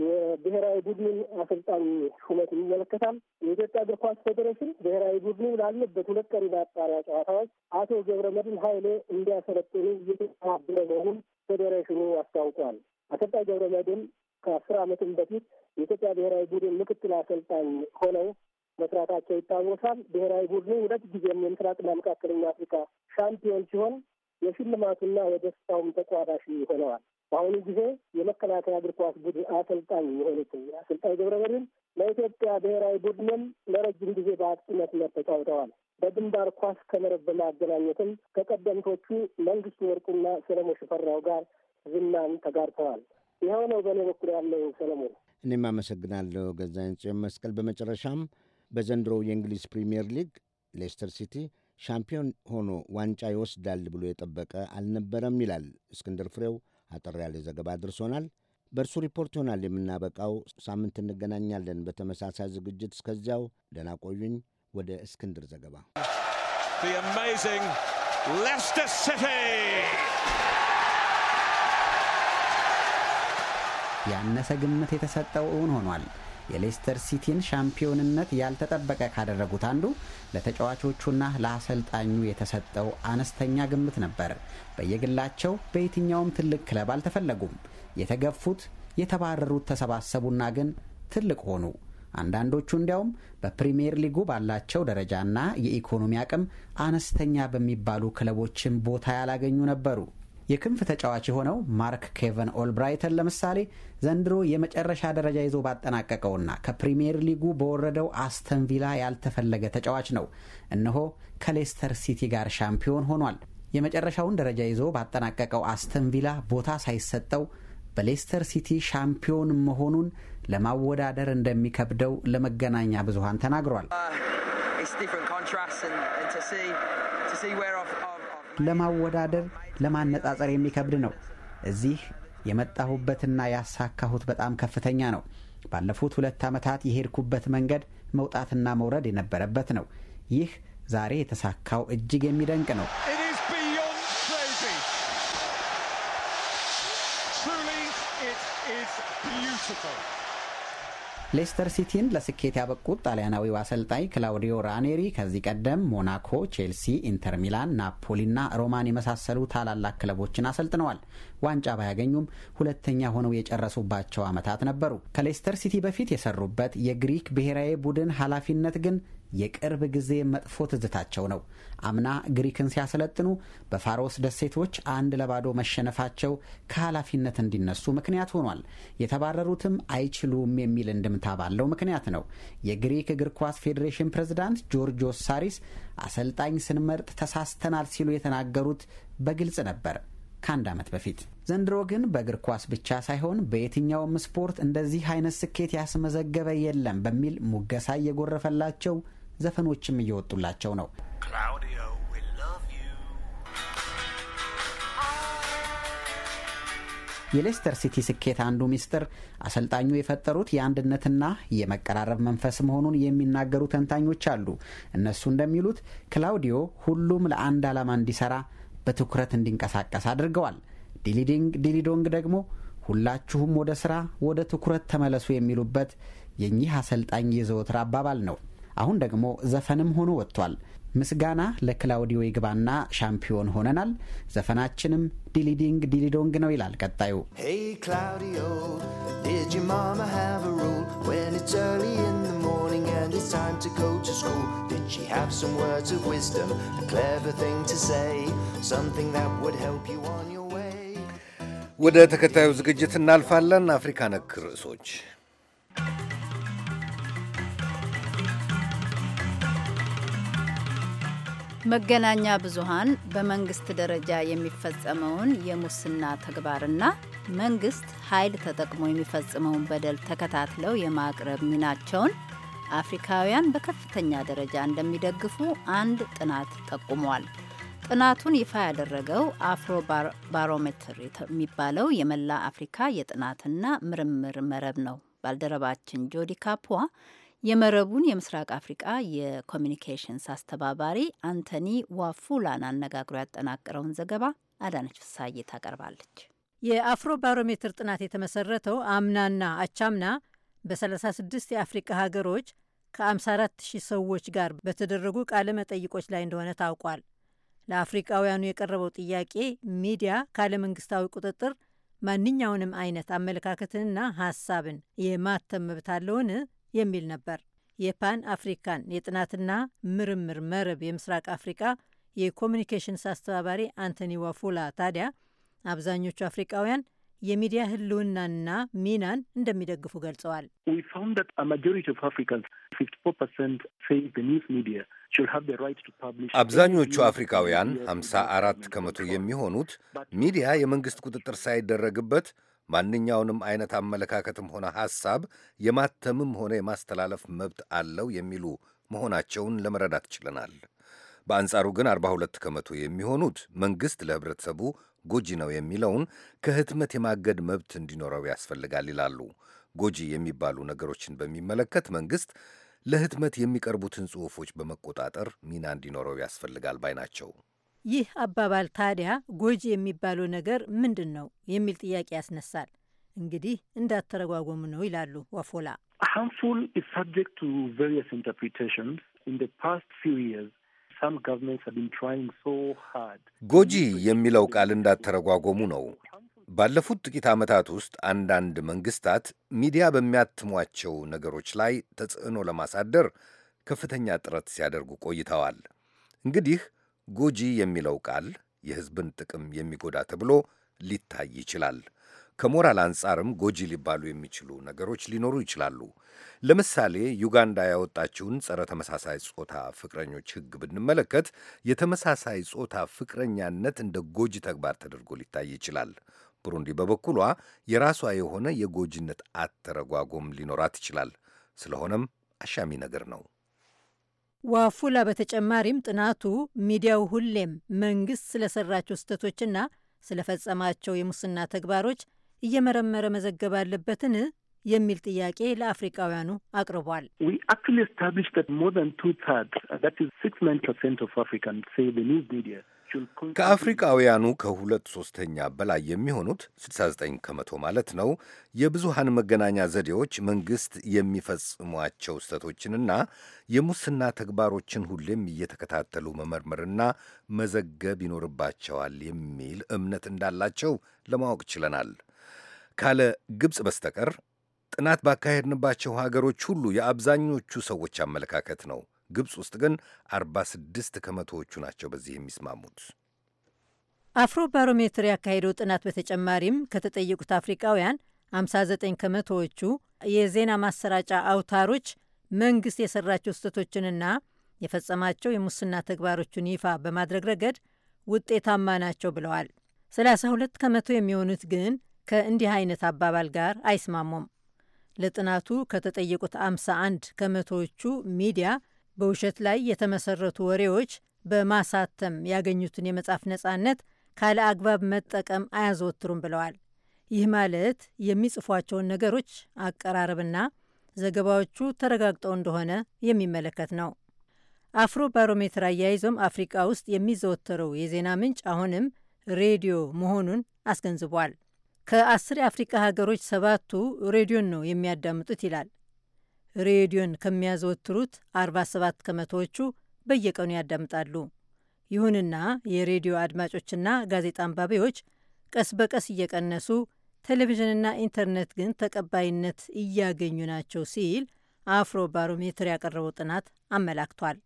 የብሔራዊ ቡድን አሰልጣኝ ሹመት ይመለከታል። የኢትዮጵያ እግር ኳስ ፌዴሬሽን ብሔራዊ ቡድኑ ላለበት ሁለት ቀሪ ማጣሪያ ጨዋታዎች አቶ ገብረ መድን ኃይሌ እንዲያሰለጥኑ እየተደራደረ መሆኑን ፌዴሬሽኑ አስታውቋል። አሰልጣኝ ገብረ መድህን ከአስር ዓመትም በፊት የኢትዮጵያ ብሔራዊ ቡድን ምክትል አሰልጣኝ ሆነው መስራታቸው ይታወሳል። ብሔራዊ ቡድኑ ሁለት ጊዜም የምስራቅና መካከለኛ አፍሪካ ሻምፒዮን ሲሆን የሽልማቱና የደስታውም ተቋዳሽ ሆነዋል። በአሁኑ ጊዜ የመከላከያ እግር ኳስ ቡድን አሰልጣኝ የሆኑት አሰልጣኝ ገብረ መድህን ለኢትዮጵያ ብሔራዊ ቡድንም ለረጅም ጊዜ በአጥቂነት ተጫውተዋል። በግንባር ኳስ ከመረብ በማገናኘትም ከቀደምቶቹ መንግስቱ ወርቁና ሰለሞን ሽፈራው ጋር ዝናም ተጋርተዋል። ይኸው ነው በእኔ በኩል ያለው ሰለሞን። እኔም አመሰግናለሁ ገዛኝ ጽዮን መስቀል። በመጨረሻም በዘንድሮው የእንግሊዝ ፕሪምየር ሊግ ሌስተር ሲቲ ሻምፒዮን ሆኖ ዋንጫ ይወስዳል ብሎ የጠበቀ አልነበረም ይላል እስክንድር ፍሬው። አጠር ያለ ዘገባ አድርሶናል። በእርሱ ሪፖርት ይሆናል የምናበቃው። ሳምንት እንገናኛለን በተመሳሳይ ዝግጅት። እስከዚያው ደህና ቆዩኝ። ወደ እስክንድር ዘገባ ያነሰ ግምት የተሰጠው እውን ሆኗል። የሌስተር ሲቲን ሻምፒዮንነት ያልተጠበቀ ካደረጉት አንዱ ለተጫዋቾቹና ለአሰልጣኙ የተሰጠው አነስተኛ ግምት ነበር። በየግላቸው በየትኛውም ትልቅ ክለብ አልተፈለጉም። የተገፉት የተባረሩት ተሰባሰቡና ግን ትልቅ ሆኑ። አንዳንዶቹ እንዲያውም በፕሪምየር ሊጉ ባላቸው ደረጃና የኢኮኖሚ አቅም አነስተኛ በሚባሉ ክለቦችም ቦታ ያላገኙ ነበሩ። የክንፍ ተጫዋች የሆነው ማርክ ኬቨን ኦልብራይተን ለምሳሌ ዘንድሮ የመጨረሻ ደረጃ ይዞ ባጠናቀቀውና ከፕሪምየር ሊጉ በወረደው አስተን ቪላ ያልተፈለገ ተጫዋች ነው። እነሆ ከሌስተር ሲቲ ጋር ሻምፒዮን ሆኗል። የመጨረሻውን ደረጃ ይዞ ባጠናቀቀው አስተን ቪላ ቦታ ሳይሰጠው በሌስተር ሲቲ ሻምፒዮን መሆኑን ለማወዳደር እንደሚከብደው ለመገናኛ ብዙሃን ተናግሯል። uh, ለማወዳደር ለማነጻጸር የሚከብድ ነው። እዚህ የመጣሁበትና ያሳካሁት በጣም ከፍተኛ ነው። ባለፉት ሁለት ዓመታት የሄድኩበት መንገድ መውጣትና መውረድ የነበረበት ነው። ይህ ዛሬ የተሳካው እጅግ የሚደንቅ ነው። ሌስተር ሲቲን ለስኬት ያበቁት ጣሊያናዊው አሰልጣኝ ክላውዲዮ ራኔሪ ከዚህ ቀደም ሞናኮ፣ ቼልሲ፣ ኢንተር ሚላን፣ ና ሮማን የመሳሰሉ ታላላቅ ክለቦችን አሰልጥነዋል። ዋንጫ ባያገኙም ሁለተኛ ሆነው የጨረሱባቸው ዓመታት ነበሩ። ከሌስተር ሲቲ በፊት የሰሩበት የግሪክ ብሔራዊ ቡድን ኃላፊነት ግን የቅርብ ጊዜ መጥፎ ትዝታቸው ነው። አምና ግሪክን ሲያሰለጥኑ በፋሮስ ደሴቶች አንድ ለባዶ መሸነፋቸው ከኃላፊነት እንዲነሱ ምክንያት ሆኗል። የተባረሩትም አይችሉም የሚል እንድምታ ባለው ምክንያት ነው። የግሪክ እግር ኳስ ፌዴሬሽን ፕሬዝዳንት ጆርጆስ ሳሪስ አሰልጣኝ ስንመርጥ ተሳስተናል ሲሉ የተናገሩት በግልጽ ነበር ከአንድ ዓመት በፊት። ዘንድሮ ግን በእግር ኳስ ብቻ ሳይሆን በየትኛውም ስፖርት እንደዚህ አይነት ስኬት ያስመዘገበ የለም በሚል ሙገሳ እየጎረፈላቸው ዘፈኖችም እየወጡላቸው ነው። የሌስተር ሲቲ ስኬት አንዱ ሚስጥር አሰልጣኙ የፈጠሩት የአንድነትና የመቀራረብ መንፈስ መሆኑን የሚናገሩ ተንታኞች አሉ። እነሱ እንደሚሉት ክላውዲዮ ሁሉም ለአንድ ዓላማ እንዲሰራ በትኩረት እንዲንቀሳቀስ አድርገዋል። ዲሊዲንግ ዲሊዶንግ ደግሞ ሁላችሁም ወደ ስራ፣ ወደ ትኩረት ተመለሱ የሚሉበት የእኚህ አሰልጣኝ የዘወትር አባባል ነው። አሁን ደግሞ ዘፈንም ሆኖ ወጥቷል። ምስጋና ለክላውዲዮ ይግባና ሻምፒዮን ሆነናል። ዘፈናችንም ዲሊዲንግ ዲሊዶንግ ነው ይላል ቀጣዩ። ወደ ተከታዩ ዝግጅት እናልፋለን። አፍሪካ ነክ ርዕሶች መገናኛ ብዙሃን በመንግስት ደረጃ የሚፈጸመውን የሙስና ተግባርና መንግስት ኃይል ተጠቅሞ የሚፈጽመውን በደል ተከታትለው የማቅረብ ሚናቸውን አፍሪካውያን በከፍተኛ ደረጃ እንደሚደግፉ አንድ ጥናት ጠቁሟል። ጥናቱን ይፋ ያደረገው አፍሮ ባሮሜትር የሚባለው የመላ አፍሪካ የጥናትና ምርምር መረብ ነው። ባልደረባችን ጆዲ ካፖዋ የመረቡን የምስራቅ አፍሪቃ የኮሚኒኬሽንስ አስተባባሪ አንቶኒ ዋፉላን አነጋግሮ ያጠናቀረውን ዘገባ አዳነች ፍሳዬ ታቀርባለች። የአፍሮ ባሮሜትር ጥናት የተመሰረተው አምናና አቻምና በ36 የአፍሪቃ ሀገሮች ከ54 ሺህ ሰዎች ጋር በተደረጉ ቃለ መጠይቆች ላይ እንደሆነ ታውቋል። ለአፍሪቃውያኑ የቀረበው ጥያቄ ሚዲያ ካለ መንግስታዊ ቁጥጥር ማንኛውንም አይነት አመለካከትንና ሀሳብን የማተም መብት አለውን የሚል ነበር። የፓን አፍሪካን የጥናትና ምርምር መረብ የምስራቅ አፍሪቃ የኮሚኒኬሽንስ አስተባባሪ አንቶኒ ዋፉላ ታዲያ አብዛኞቹ አፍሪቃውያን የሚዲያ ህልውናና ሚናን እንደሚደግፉ ገልጸዋል። አብዛኞቹ አፍሪካውያን 54 ከመቶ የሚሆኑት ሚዲያ የመንግስት ቁጥጥር ሳይደረግበት ማንኛውንም አይነት አመለካከትም ሆነ ሐሳብ የማተምም ሆነ የማስተላለፍ መብት አለው የሚሉ መሆናቸውን ለመረዳት ችለናል። በአንጻሩ ግን 42 ከመቶ የሚሆኑት መንግሥት ለኅብረተሰቡ ጎጂ ነው የሚለውን ከህትመት የማገድ መብት እንዲኖረው ያስፈልጋል ይላሉ። ጎጂ የሚባሉ ነገሮችን በሚመለከት መንግሥት ለህትመት የሚቀርቡትን ጽሑፎች በመቆጣጠር ሚና እንዲኖረው ያስፈልጋል ባይ ናቸው። ይህ አባባል ታዲያ ጎጂ የሚባለው ነገር ምንድን ነው የሚል ጥያቄ ያስነሳል። እንግዲህ እንዳተረጓጎሙ ነው ይላሉ ዋፎላ። ጎጂ የሚለው ቃል እንዳተረጓጎሙ ነው። ባለፉት ጥቂት ዓመታት ውስጥ አንዳንድ መንግሥታት ሚዲያ በሚያትሟቸው ነገሮች ላይ ተጽዕኖ ለማሳደር ከፍተኛ ጥረት ሲያደርጉ ቆይተዋል። እንግዲህ ጎጂ የሚለው ቃል የሕዝብን ጥቅም የሚጎዳ ተብሎ ሊታይ ይችላል። ከሞራል አንጻርም ጎጂ ሊባሉ የሚችሉ ነገሮች ሊኖሩ ይችላሉ። ለምሳሌ ዩጋንዳ ያወጣችውን ጸረ ተመሳሳይ ጾታ ፍቅረኞች ሕግ ብንመለከት የተመሳሳይ ጾታ ፍቅረኛነት እንደ ጎጂ ተግባር ተደርጎ ሊታይ ይችላል። ብሩንዲ በበኩሏ የራሷ የሆነ የጎጂነት አተረጓጎም ሊኖራት ይችላል። ስለሆነም አሻሚ ነገር ነው። ዋፉላ በተጨማሪም ጥናቱ ሚዲያው ሁሌም መንግስት ስለሰራቸው ስህተቶችና ስለፈጸማቸው የሙስና ተግባሮች እየመረመረ መዘገብ አለበትን የሚል ጥያቄ ለአፍሪቃውያኑ አቅርቧል። ከአፍሪቃውያኑ ከሁለት ሶስተኛ በላይ የሚሆኑት 69 ከመቶ ማለት ነው የብዙሃን መገናኛ ዘዴዎች መንግሥት የሚፈጽሟቸው ስህተቶችንና የሙስና ተግባሮችን ሁሌም እየተከታተሉ መመርመርና መዘገብ ይኖርባቸዋል የሚል እምነት እንዳላቸው ለማወቅ ችለናል። ካለ ግብፅ በስተቀር ጥናት ባካሄድንባቸው ሀገሮች ሁሉ የአብዛኞቹ ሰዎች አመለካከት ነው። ግብፅ ውስጥ ግን 46 ከመቶዎቹ ናቸው በዚህ የሚስማሙት። አፍሮ ባሮሜትር ያካሄደው ጥናት በተጨማሪም ከተጠየቁት አፍሪቃውያን 59 ከመቶዎቹ የዜና ማሰራጫ አውታሮች መንግሥት የሰራቸው ስህተቶችንና የፈጸማቸው የሙስና ተግባሮችን ይፋ በማድረግ ረገድ ውጤታማ ናቸው ብለዋል። 32 ከመቶ የሚሆኑት ግን ከእንዲህ አይነት አባባል ጋር አይስማሙም። ለጥናቱ ከተጠየቁት 51 ከመቶዎቹ ሚዲያ በውሸት ላይ የተመሰረቱ ወሬዎች በማሳተም ያገኙትን የመጻፍ ነጻነት ካለ አግባብ መጠቀም አያዘወትሩም ብለዋል። ይህ ማለት የሚጽፏቸውን ነገሮች አቀራረብና ዘገባዎቹ ተረጋግጠው እንደሆነ የሚመለከት ነው። አፍሮ ባሮሜትር አያይዞም አፍሪቃ ውስጥ የሚዘወተረው የዜና ምንጭ አሁንም ሬዲዮ መሆኑን አስገንዝቧል። ከአስር የአፍሪቃ ሀገሮች ሰባቱ ሬዲዮን ነው የሚያዳምጡት ይላል። ሬዲዮን ከሚያዘወትሩት 47 ከመቶዎቹ በየቀኑ ያዳምጣሉ። ይሁንና የሬዲዮ አድማጮችና ጋዜጣ አንባቢዎች ቀስ በቀስ እየቀነሱ ቴሌቪዥንና ኢንተርኔት ግን ተቀባይነት እያገኙ ናቸው ሲል አፍሮ ባሮሜትር ያቀረበው ጥናት አመላክቷል።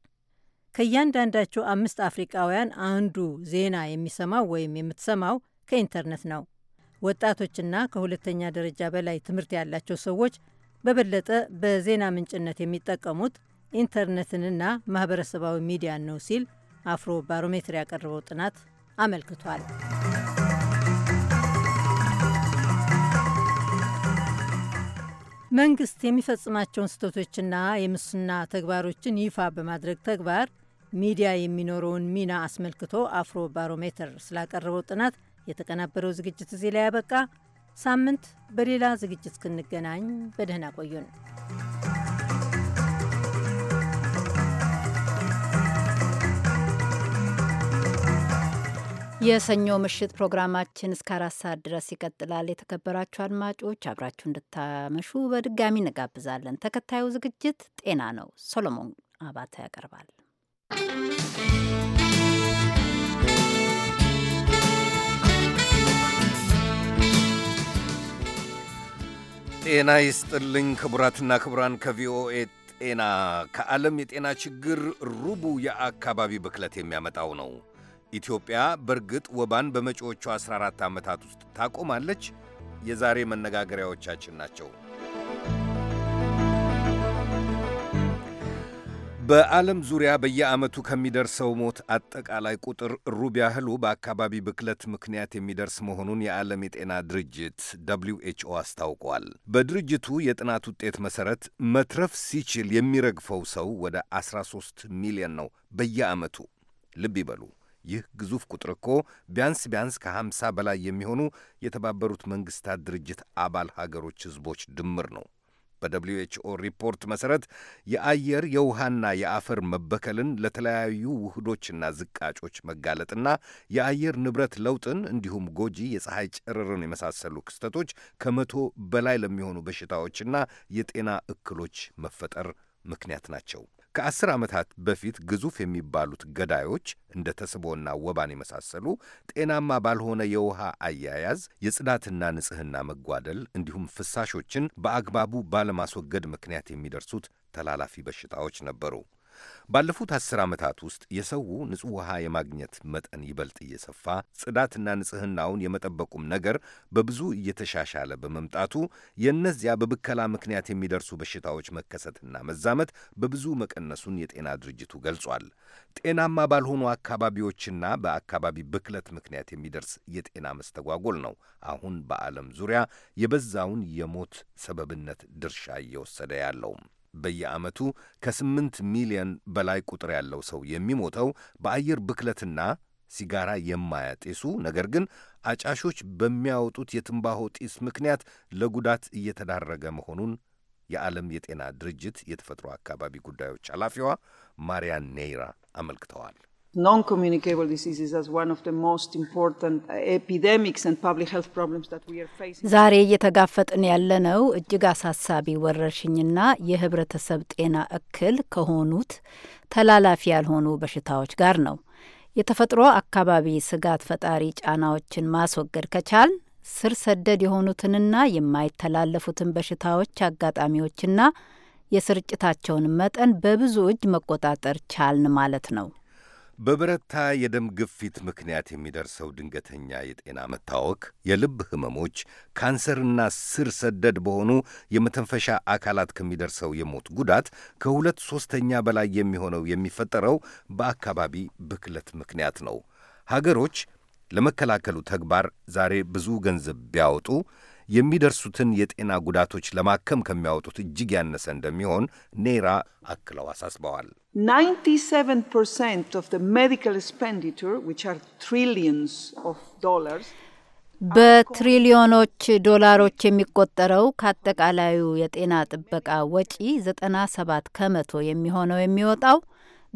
ከእያንዳንዳቸው አምስት አፍሪቃውያን አንዱ ዜና የሚሰማው ወይም የምትሰማው ከኢንተርኔት ነው። ወጣቶችና ከሁለተኛ ደረጃ በላይ ትምህርት ያላቸው ሰዎች በበለጠ በዜና ምንጭነት የሚጠቀሙት ኢንተርኔትንና ማህበረሰባዊ ሚዲያን ነው ሲል አፍሮ ባሮሜትር ያቀረበው ጥናት አመልክቷል። መንግስት የሚፈጽማቸውን ስህተቶችና የሙስና ተግባሮችን ይፋ በማድረግ ተግባር ሚዲያ የሚኖረውን ሚና አስመልክቶ አፍሮ ባሮሜትር ስላቀረበው ጥናት የተቀናበረው ዝግጅት እዚህ ላይ ያበቃ። ሳምንት በሌላ ዝግጅት እስክንገናኝ በደህና ቆዩን። የሰኞ ምሽት ፕሮግራማችን እስከ አራት ሰዓት ድረስ ይቀጥላል። የተከበራችሁ አድማጮች አብራችሁ እንድታመሹ በድጋሚ እንጋብዛለን። ተከታዩ ዝግጅት ጤና ነው። ሶሎሞን አባተ ያቀርባል። ጤና ይስጥልኝ ክቡራትና ክቡራን፣ ከቪኦኤ ጤና። ከዓለም የጤና ችግር ሩቡ የአካባቢ ብክለት የሚያመጣው ነው። ኢትዮጵያ በእርግጥ ወባን በመጪዎቹ 14 ዓመታት ውስጥ ታቆማለች? የዛሬ መነጋገሪያዎቻችን ናቸው። በዓለም ዙሪያ በየዓመቱ ከሚደርሰው ሞት አጠቃላይ ቁጥር ሩብ ያህሉ በአካባቢ ብክለት ምክንያት የሚደርስ መሆኑን የዓለም የጤና ድርጅት ደብሊው ኤችኦ አስታውቋል። በድርጅቱ የጥናት ውጤት መሠረት መትረፍ ሲችል የሚረግፈው ሰው ወደ 13 ሚሊዮን ነው በየዓመቱ። ልብ ይበሉ። ይህ ግዙፍ ቁጥር እኮ ቢያንስ ቢያንስ ከ50 በላይ የሚሆኑ የተባበሩት መንግሥታት ድርጅት አባል ሀገሮች ሕዝቦች ድምር ነው። በደብልዩ ኤችኦ ሪፖርት መሠረት የአየር የውሃና የአፈር መበከልን ለተለያዩ ውህዶችና ዝቃጮች መጋለጥና የአየር ንብረት ለውጥን እንዲሁም ጎጂ የፀሐይ ጨረርን የመሳሰሉ ክስተቶች ከመቶ በላይ ለሚሆኑ በሽታዎችና የጤና እክሎች መፈጠር ምክንያት ናቸው። ከአስር ዓመታት በፊት ግዙፍ የሚባሉት ገዳዮች እንደ ተስቦና ወባን የመሳሰሉ ጤናማ ባልሆነ የውሃ አያያዝ፣ የጽዳትና ንጽህና መጓደል እንዲሁም ፍሳሾችን በአግባቡ ባለማስወገድ ምክንያት የሚደርሱት ተላላፊ በሽታዎች ነበሩ። ባለፉት አስር ዓመታት ውስጥ የሰው ንጹሕ ውሃ የማግኘት መጠን ይበልጥ እየሰፋ ጽዳትና ንጽሕናውን የመጠበቁም ነገር በብዙ እየተሻሻለ በመምጣቱ የእነዚያ በብከላ ምክንያት የሚደርሱ በሽታዎች መከሰትና መዛመት በብዙ መቀነሱን የጤና ድርጅቱ ገልጿል። ጤናማ ባልሆኑ አካባቢዎችና በአካባቢ ብክለት ምክንያት የሚደርስ የጤና መስተጓጎል ነው አሁን በዓለም ዙሪያ የበዛውን የሞት ሰበብነት ድርሻ እየወሰደ ያለውም በየዓመቱ ከስምንት ሚሊዮን በላይ ቁጥር ያለው ሰው የሚሞተው በአየር ብክለትና ሲጋራ የማያጤሱ ነገር ግን አጫሾች በሚያወጡት የትንባሆ ጢስ ምክንያት ለጉዳት እየተዳረገ መሆኑን የዓለም የጤና ድርጅት የተፈጥሮ አካባቢ ጉዳዮች ኃላፊዋ ማሪያን ኔይራ አመልክተዋል። ዛሬ እየተጋፈጥን ያለነው እጅግ አሳሳቢ ወረርሽኝና የህብረተሰብ ጤና እክል ከሆኑት ተላላፊ ያልሆኑ በሽታዎች ጋር ነው። የተፈጥሮ አካባቢ ስጋት ፈጣሪ ጫናዎችን ማስወገድ ከቻል ስር ሰደድ የሆኑትንና የማይተላለፉትን በሽታዎች አጋጣሚዎችና የስርጭታቸውን መጠን በብዙ እጅ መቆጣጠር ቻልን ማለት ነው። በበረታ የደም ግፊት ምክንያት የሚደርሰው ድንገተኛ የጤና መታወክ፣ የልብ ህመሞች፣ ካንሰርና ስር ሰደድ በሆኑ የመተንፈሻ አካላት ከሚደርሰው የሞት ጉዳት ከሁለት ሦስተኛ በላይ የሚሆነው የሚፈጠረው በአካባቢ ብክለት ምክንያት ነው። ሀገሮች ለመከላከሉ ተግባር ዛሬ ብዙ ገንዘብ ቢያወጡ የሚደርሱትን የጤና ጉዳቶች ለማከም ከሚያወጡት እጅግ ያነሰ እንደሚሆን ኔራ አክለው አሳስበዋል። 97% of the medical expenditure which are trillions of dollars በትሪሊዮኖች ዶላሮች የሚቆጠረው ከአጠቃላዩ የጤና ጥበቃ ወጪ 97 ከመቶ የሚሆነው የሚወጣው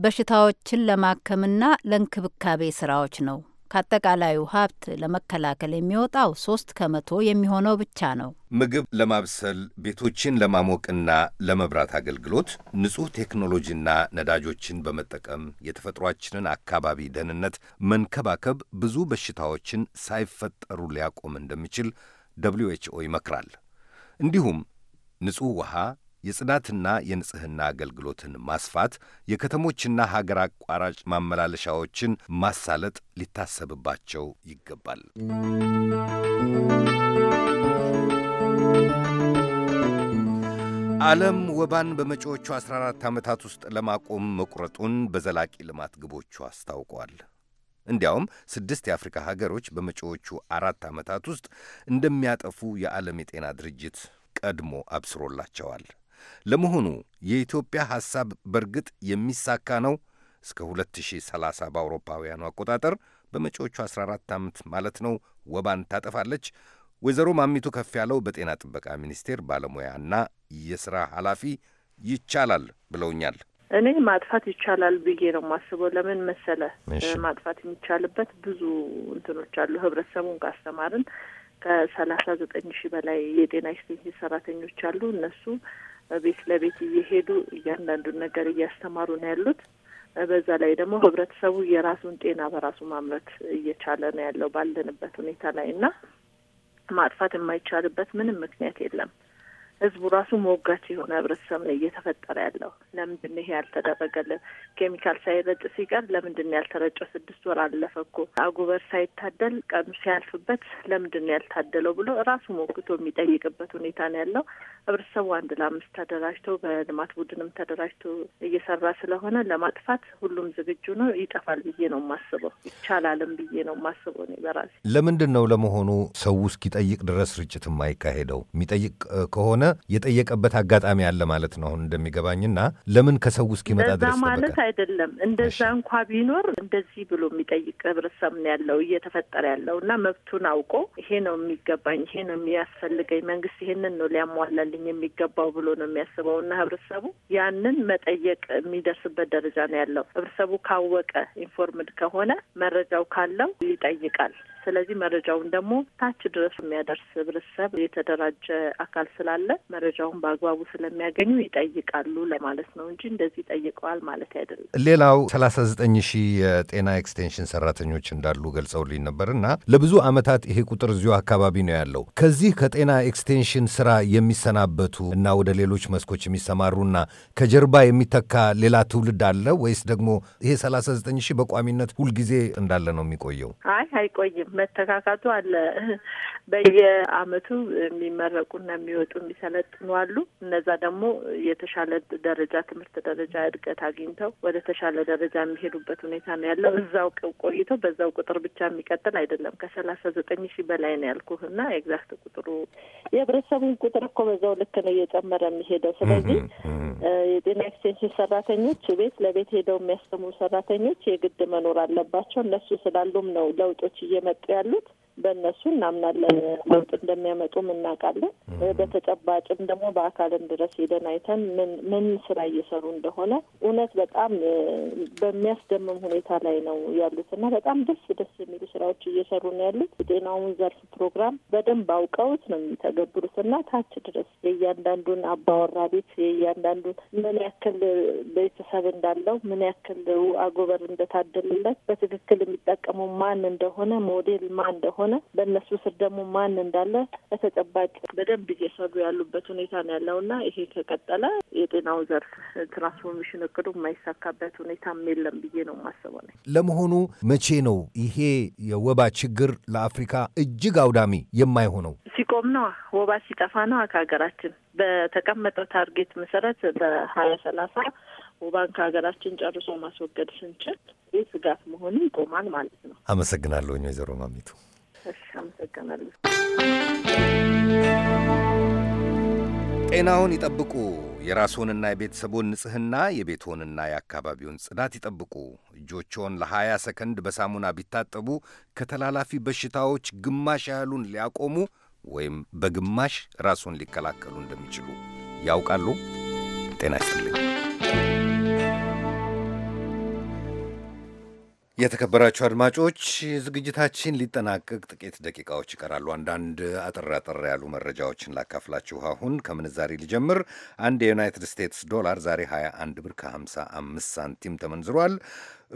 በሽታዎችን ለማከምና ለእንክብካቤ ስራዎች ነው። ከአጠቃላዩ ሀብት ለመከላከል የሚወጣው ሶስት ከመቶ የሚሆነው ብቻ ነው። ምግብ ለማብሰል ቤቶችን ለማሞቅና ለመብራት አገልግሎት ንጹህ ቴክኖሎጂና ነዳጆችን በመጠቀም የተፈጥሯችንን አካባቢ ደህንነት መንከባከብ ብዙ በሽታዎችን ሳይፈጠሩ ሊያቆም እንደሚችል ደብሊው ኤች ኦ ይመክራል። እንዲሁም ንጹህ ውሃ የጽዳትና የንጽህና አገልግሎትን ማስፋት፣ የከተሞችና ሀገር አቋራጭ ማመላለሻዎችን ማሳለጥ ሊታሰብባቸው ይገባል። ዓለም ወባን በመጪዎቹ 14 ዓመታት ውስጥ ለማቆም መቁረጡን በዘላቂ ልማት ግቦቹ አስታውቋል። እንዲያውም ስድስት የአፍሪካ ሀገሮች በመጪዎቹ አራት ዓመታት ውስጥ እንደሚያጠፉ የዓለም የጤና ድርጅት ቀድሞ አብስሮላቸዋል። ለመሆኑ የኢትዮጵያ ሐሳብ በእርግጥ የሚሳካ ነው? እስከ 2030 በአውሮፓውያኑ አቆጣጠር በመጪዎቹ 14 ዓመት ማለት ነው ወባን ታጠፋለች? ወይዘሮ ማሚቱ ከፍ ያለው በጤና ጥበቃ ሚኒስቴር ባለሙያና የሥራ ኃላፊ ይቻላል ብለውኛል። እኔ ማጥፋት ይቻላል ብዬ ነው የማስበው። ለምን መሰለ፣ ማጥፋት የሚቻልበት ብዙ እንትኖች አሉ። ህብረተሰቡን ካስተማርን ከሰላሳ ዘጠኝ ሺህ በላይ የጤና ኤክስቴንሽን ሰራተኞች አሉ። እነሱ ቤት ለቤት እየሄዱ እያንዳንዱን ነገር እያስተማሩ ነው ያሉት። በዛ ላይ ደግሞ ህብረተሰቡ የራሱን ጤና በራሱ ማምረት እየቻለ ነው ያለው ባለንበት ሁኔታ ላይ እና ማጥፋት የማይቻልበት ምንም ምክንያት የለም። ህዝቡ ራሱ ሞጋች የሆነ ህብረተሰብ ነው እየተፈጠረ ያለው። ለምንድን ይሄ ያልተደረገልን? ኬሚካል ሳይረጭ ሲቀር ለምንድን ያልተረጨው? ስድስት ወር አለፈ እኮ አጉበር ሳይታደል ቀኑ ሲያልፍበት ለምንድን ያልታደለው ብሎ ራሱ ሞግቶ የሚጠይቅበት ሁኔታ ነው ያለው። ህብረተሰቡ አንድ ለአምስት ተደራጅቶ በልማት ቡድንም ተደራጅቶ እየሰራ ስለሆነ ለማጥፋት ሁሉም ዝግጁ ነው። ይጠፋል ብዬ ነው የማስበው፣ ይቻላልም ብዬ ነው የማስበው እኔ በራሴ። ለምንድን ነው ለመሆኑ ሰው እስኪጠይቅ ድረስ ርጭት የማይካሄደው? የሚጠይቅ ከሆነ የጠየቀበት አጋጣሚ አለ ማለት ነው። አሁን እንደሚገባኝና ለምን ከሰው እስኪመጣ ድረስ ማለት አይደለም። እንደዛ እንኳ ቢኖር እንደዚህ ብሎ የሚጠይቅ ህብረተሰብ ነው ያለው እየተፈጠረ ያለው እና መብቱን አውቆ ይሄ ነው የሚገባኝ፣ ይሄ ነው የሚያስፈልገኝ፣ መንግስት ይሄንን ነው ሊያሟላልኝ የሚገባው ብሎ ነው የሚያስበው እና ህብረተሰቡ ያንን መጠየቅ የሚደርስበት ደረጃ ነው ያለው። ህብረተሰቡ ካወቀ ኢንፎርምድ ከሆነ መረጃው ካለው ይጠይቃል። ስለዚህ መረጃውን ደግሞ ታች ድረስ የሚያደርስ ህብረተሰብ የተደራጀ አካል ስላለ መረጃውን በአግባቡ ስለሚያገኙ ይጠይቃሉ ለማለት ነው እንጂ እንደዚህ ጠይቀዋል ማለት አይደለም። ሌላው ሰላሳ ዘጠኝ ሺህ የጤና ኤክስቴንሽን ሰራተኞች እንዳሉ ገልጸውልኝ ነበር እና ለብዙ ዓመታት ይሄ ቁጥር እዚሁ አካባቢ ነው ያለው። ከዚህ ከጤና ኤክስቴንሽን ስራ የሚሰናበቱ እና ወደ ሌሎች መስኮች የሚሰማሩና ከጀርባ የሚተካ ሌላ ትውልድ አለ ወይስ ደግሞ ይሄ ሰላሳ ዘጠኝ ሺህ በቋሚነት ሁልጊዜ እንዳለ ነው የሚቆየው? አይ አይቆይም። መተካካቱ አለ። በየአመቱ የሚመረቁና የሚወጡ የሚሰለጥኑ አሉ። እነዛ ደግሞ የተሻለ ደረጃ ትምህርት ደረጃ እድገት አግኝተው ወደ ተሻለ ደረጃ የሚሄዱበት ሁኔታ ነው ያለው። እዛው ቆይተው በዛው ቁጥር ብቻ የሚቀጥል አይደለም። ከሰላሳ ዘጠኝ ሺህ በላይ ነው ያልኩህ እና ኤግዛክት ቁጥሩ የህብረተሰቡን ቁጥር እኮ በዛው ልክ ነው እየጨመረ የሚሄደው። ስለዚህ የጤና ኤክስቴንሽን ሰራተኞች ቤት ለቤት ሄደው የሚያስተምሩ ሰራተኞች የግድ መኖር አለባቸው። እነሱ ስላሉም ነው ለውጦች እየመጡ ያሉት። በእነሱ እናምናለን ለውጥ እንደሚያመጡም እናውቃለን። በተጨባጭም ደግሞ በአካልን ድረስ ሄደን አይተን ምን ምን ስራ እየሰሩ እንደሆነ እውነት በጣም በሚያስደምም ሁኔታ ላይ ነው ያሉት እና በጣም ደስ ደስ የሚሉ ስራዎች እየሰሩ ነው ያሉት። የጤናውን ዘርፍ ፕሮግራም በደንብ አውቀውት ነው የሚተገብሩት እና ታች ድረስ የእያንዳንዱን አባወራ ቤት የእያንዳንዱን ምን ያክል ቤተሰብ እንዳለው ምን ያክል አጎበር እንደታደልለት በትክክል የሚጠቀመው ማን እንደሆነ ሞዴል ማን እንደሆነ ከሆነ በእነሱ ስር ደግሞ ማን እንዳለ በተጨባጭ በደንብ እየሰሩ ያሉበት ሁኔታ ነው ያለው እና ይሄ ከቀጠለ የጤናው ዘርፍ ትራንስፎርሜሽን እቅዱ የማይሳካበት ሁኔታም የለም ብዬ ነው የማስበው። ለመሆኑ መቼ ነው ይሄ የወባ ችግር ለአፍሪካ እጅግ አውዳሚ የማይሆነው? ሲቆም ነው ወባ ሲጠፋ ነው ከሀገራችን በተቀመጠው ታርጌት መሰረት በሀያ ሰላሳ ወባን ከሀገራችን ጨርሶ ማስወገድ ስንችል ይህ ስጋት መሆኑ ይቆማል ማለት ነው። አመሰግናለሁኝ ወይዘሮ ማሚቱ። አመሰግናለሁ። ጤናውን ይጠብቁ። የራስዎንና የቤተሰቡን ንጽህና፣ የቤትዎንና የአካባቢውን ጽዳት ይጠብቁ። እጆችዎን ለሀያ ሰከንድ በሳሙና ቢታጠቡ ከተላላፊ በሽታዎች ግማሽ ያህሉን ሊያቆሙ ወይም በግማሽ ራስዎን ሊከላከሉ እንደሚችሉ ያውቃሉ? ጤና ይስጥልኝ። የተከበራችሁ አድማጮች ዝግጅታችን ሊጠናቀቅ ጥቂት ደቂቃዎች ይቀራሉ። አንዳንድ አጠር አጠር ያሉ መረጃዎችን ላካፍላችሁ። አሁን ከምንዛሬ ሊጀምር። አንድ የዩናይትድ ስቴትስ ዶላር ዛሬ 21 ብር ከ55 ሳንቲም ተመንዝሯል።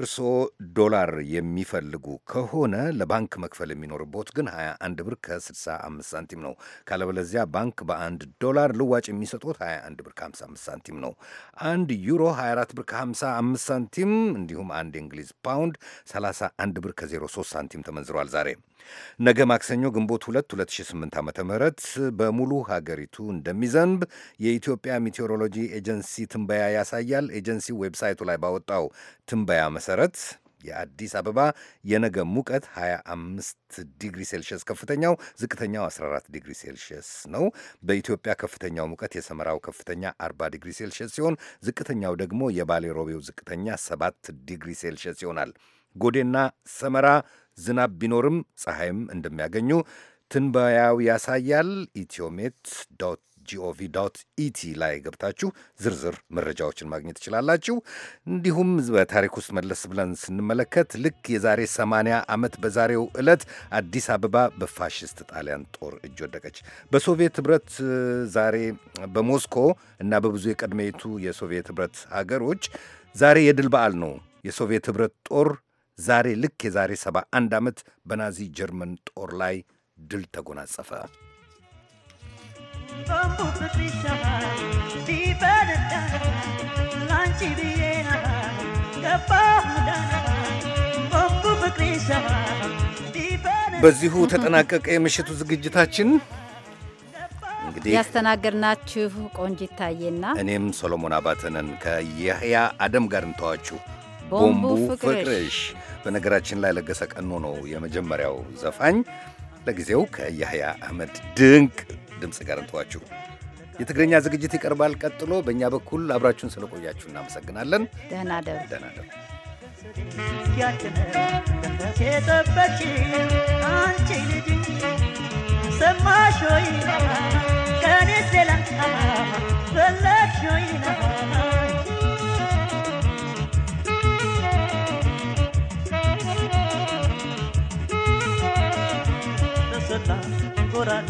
እርስዎ ዶላር የሚፈልጉ ከሆነ ለባንክ መክፈል የሚኖርቦት ግን 21 ብር ከ65 ሳንቲም ነው። ካለበለዚያ ባንክ በአንድ ዶላር ልዋጭ የሚሰጡት 21 ብር ከ55 ሳንቲም ነው። አንድ ዩሮ 24 ብር ከ55 ሳንቲም እንዲሁም አንድ የእንግሊዝ ፓውንድ 31 ብር ከ03 ሳንቲም ተመንዝሯል። ዛሬ ነገ ማክሰኞ ግንቦት 2 2008 ዓ ም በሙሉ ሀገሪቱ እንደሚዘንብ የኢትዮጵያ ሜቴዎሮሎጂ ኤጀንሲ ትንበያ ያሳያል። ኤጀንሲው ዌብሳይቱ ላይ ባወጣው ትንበያ መሰረት የአዲስ አበባ የነገ ሙቀት 25 ዲግሪ ሴልሽየስ ከፍተኛው፣ ዝቅተኛው 14 ዲግሪ ሴልሽየስ ነው። በኢትዮጵያ ከፍተኛው ሙቀት የሰመራው ከፍተኛ 40 ዲግሪ ሴልሽየስ ሲሆን ዝቅተኛው ደግሞ የባሌ ሮቤው ዝቅተኛ 7 ዲግሪ ሴልሽየስ ይሆናል። ጎዴና ሰመራ ዝናብ ቢኖርም ፀሐይም እንደሚያገኙ ትንበያው ያሳያል። ኢትዮሜት ዶት ጂኦቪ ዶት ኢቲ ላይ ገብታችሁ ዝርዝር መረጃዎችን ማግኘት ትችላላችሁ። እንዲሁም በታሪክ ውስጥ መለስ ብለን ስንመለከት ልክ የዛሬ 80 ዓመት በዛሬው ዕለት አዲስ አበባ በፋሽስት ጣሊያን ጦር እጅ ወደቀች። በሶቪየት ህብረት ዛሬ በሞስኮ እና በብዙ የቀድሜቱ የሶቪየት ህብረት ሀገሮች ዛሬ የድል በዓል ነው። የሶቪየት ህብረት ጦር ዛሬ ልክ የዛሬ 71 ዓመት በናዚ ጀርመን ጦር ላይ ድል ተጎናጸፈ። በዚሁ ተጠናቀቀ የምሽቱ ዝግጅታችን። እንግዲህ ያስተናገድናችሁ ቆንጂት ታዬና እኔም ሶሎሞን አባተነን ከየህያ አደም ጋር እንተዋችሁ። ቦምቡ ፍቅርሽ በነገራችን ላይ ለገሰ ቀኖ ነው የመጀመሪያው ዘፋኝ። ለጊዜው ከየህያ አህመድ ድንቅ ድምፅ ጋር እንተዋችሁ። የትግርኛ ዝግጅት ይቀርባል ቀጥሎ። በእኛ በኩል አብራችሁን ስለቆያችሁ እናመሰግናለን። ደህና ደሩ። ደህና ደሩ። አንቺ ልጅ ሰማሽ ወይ ከኔ ሴላ ፈለግሽ ወይ ተሰጣ ጎራዴ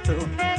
to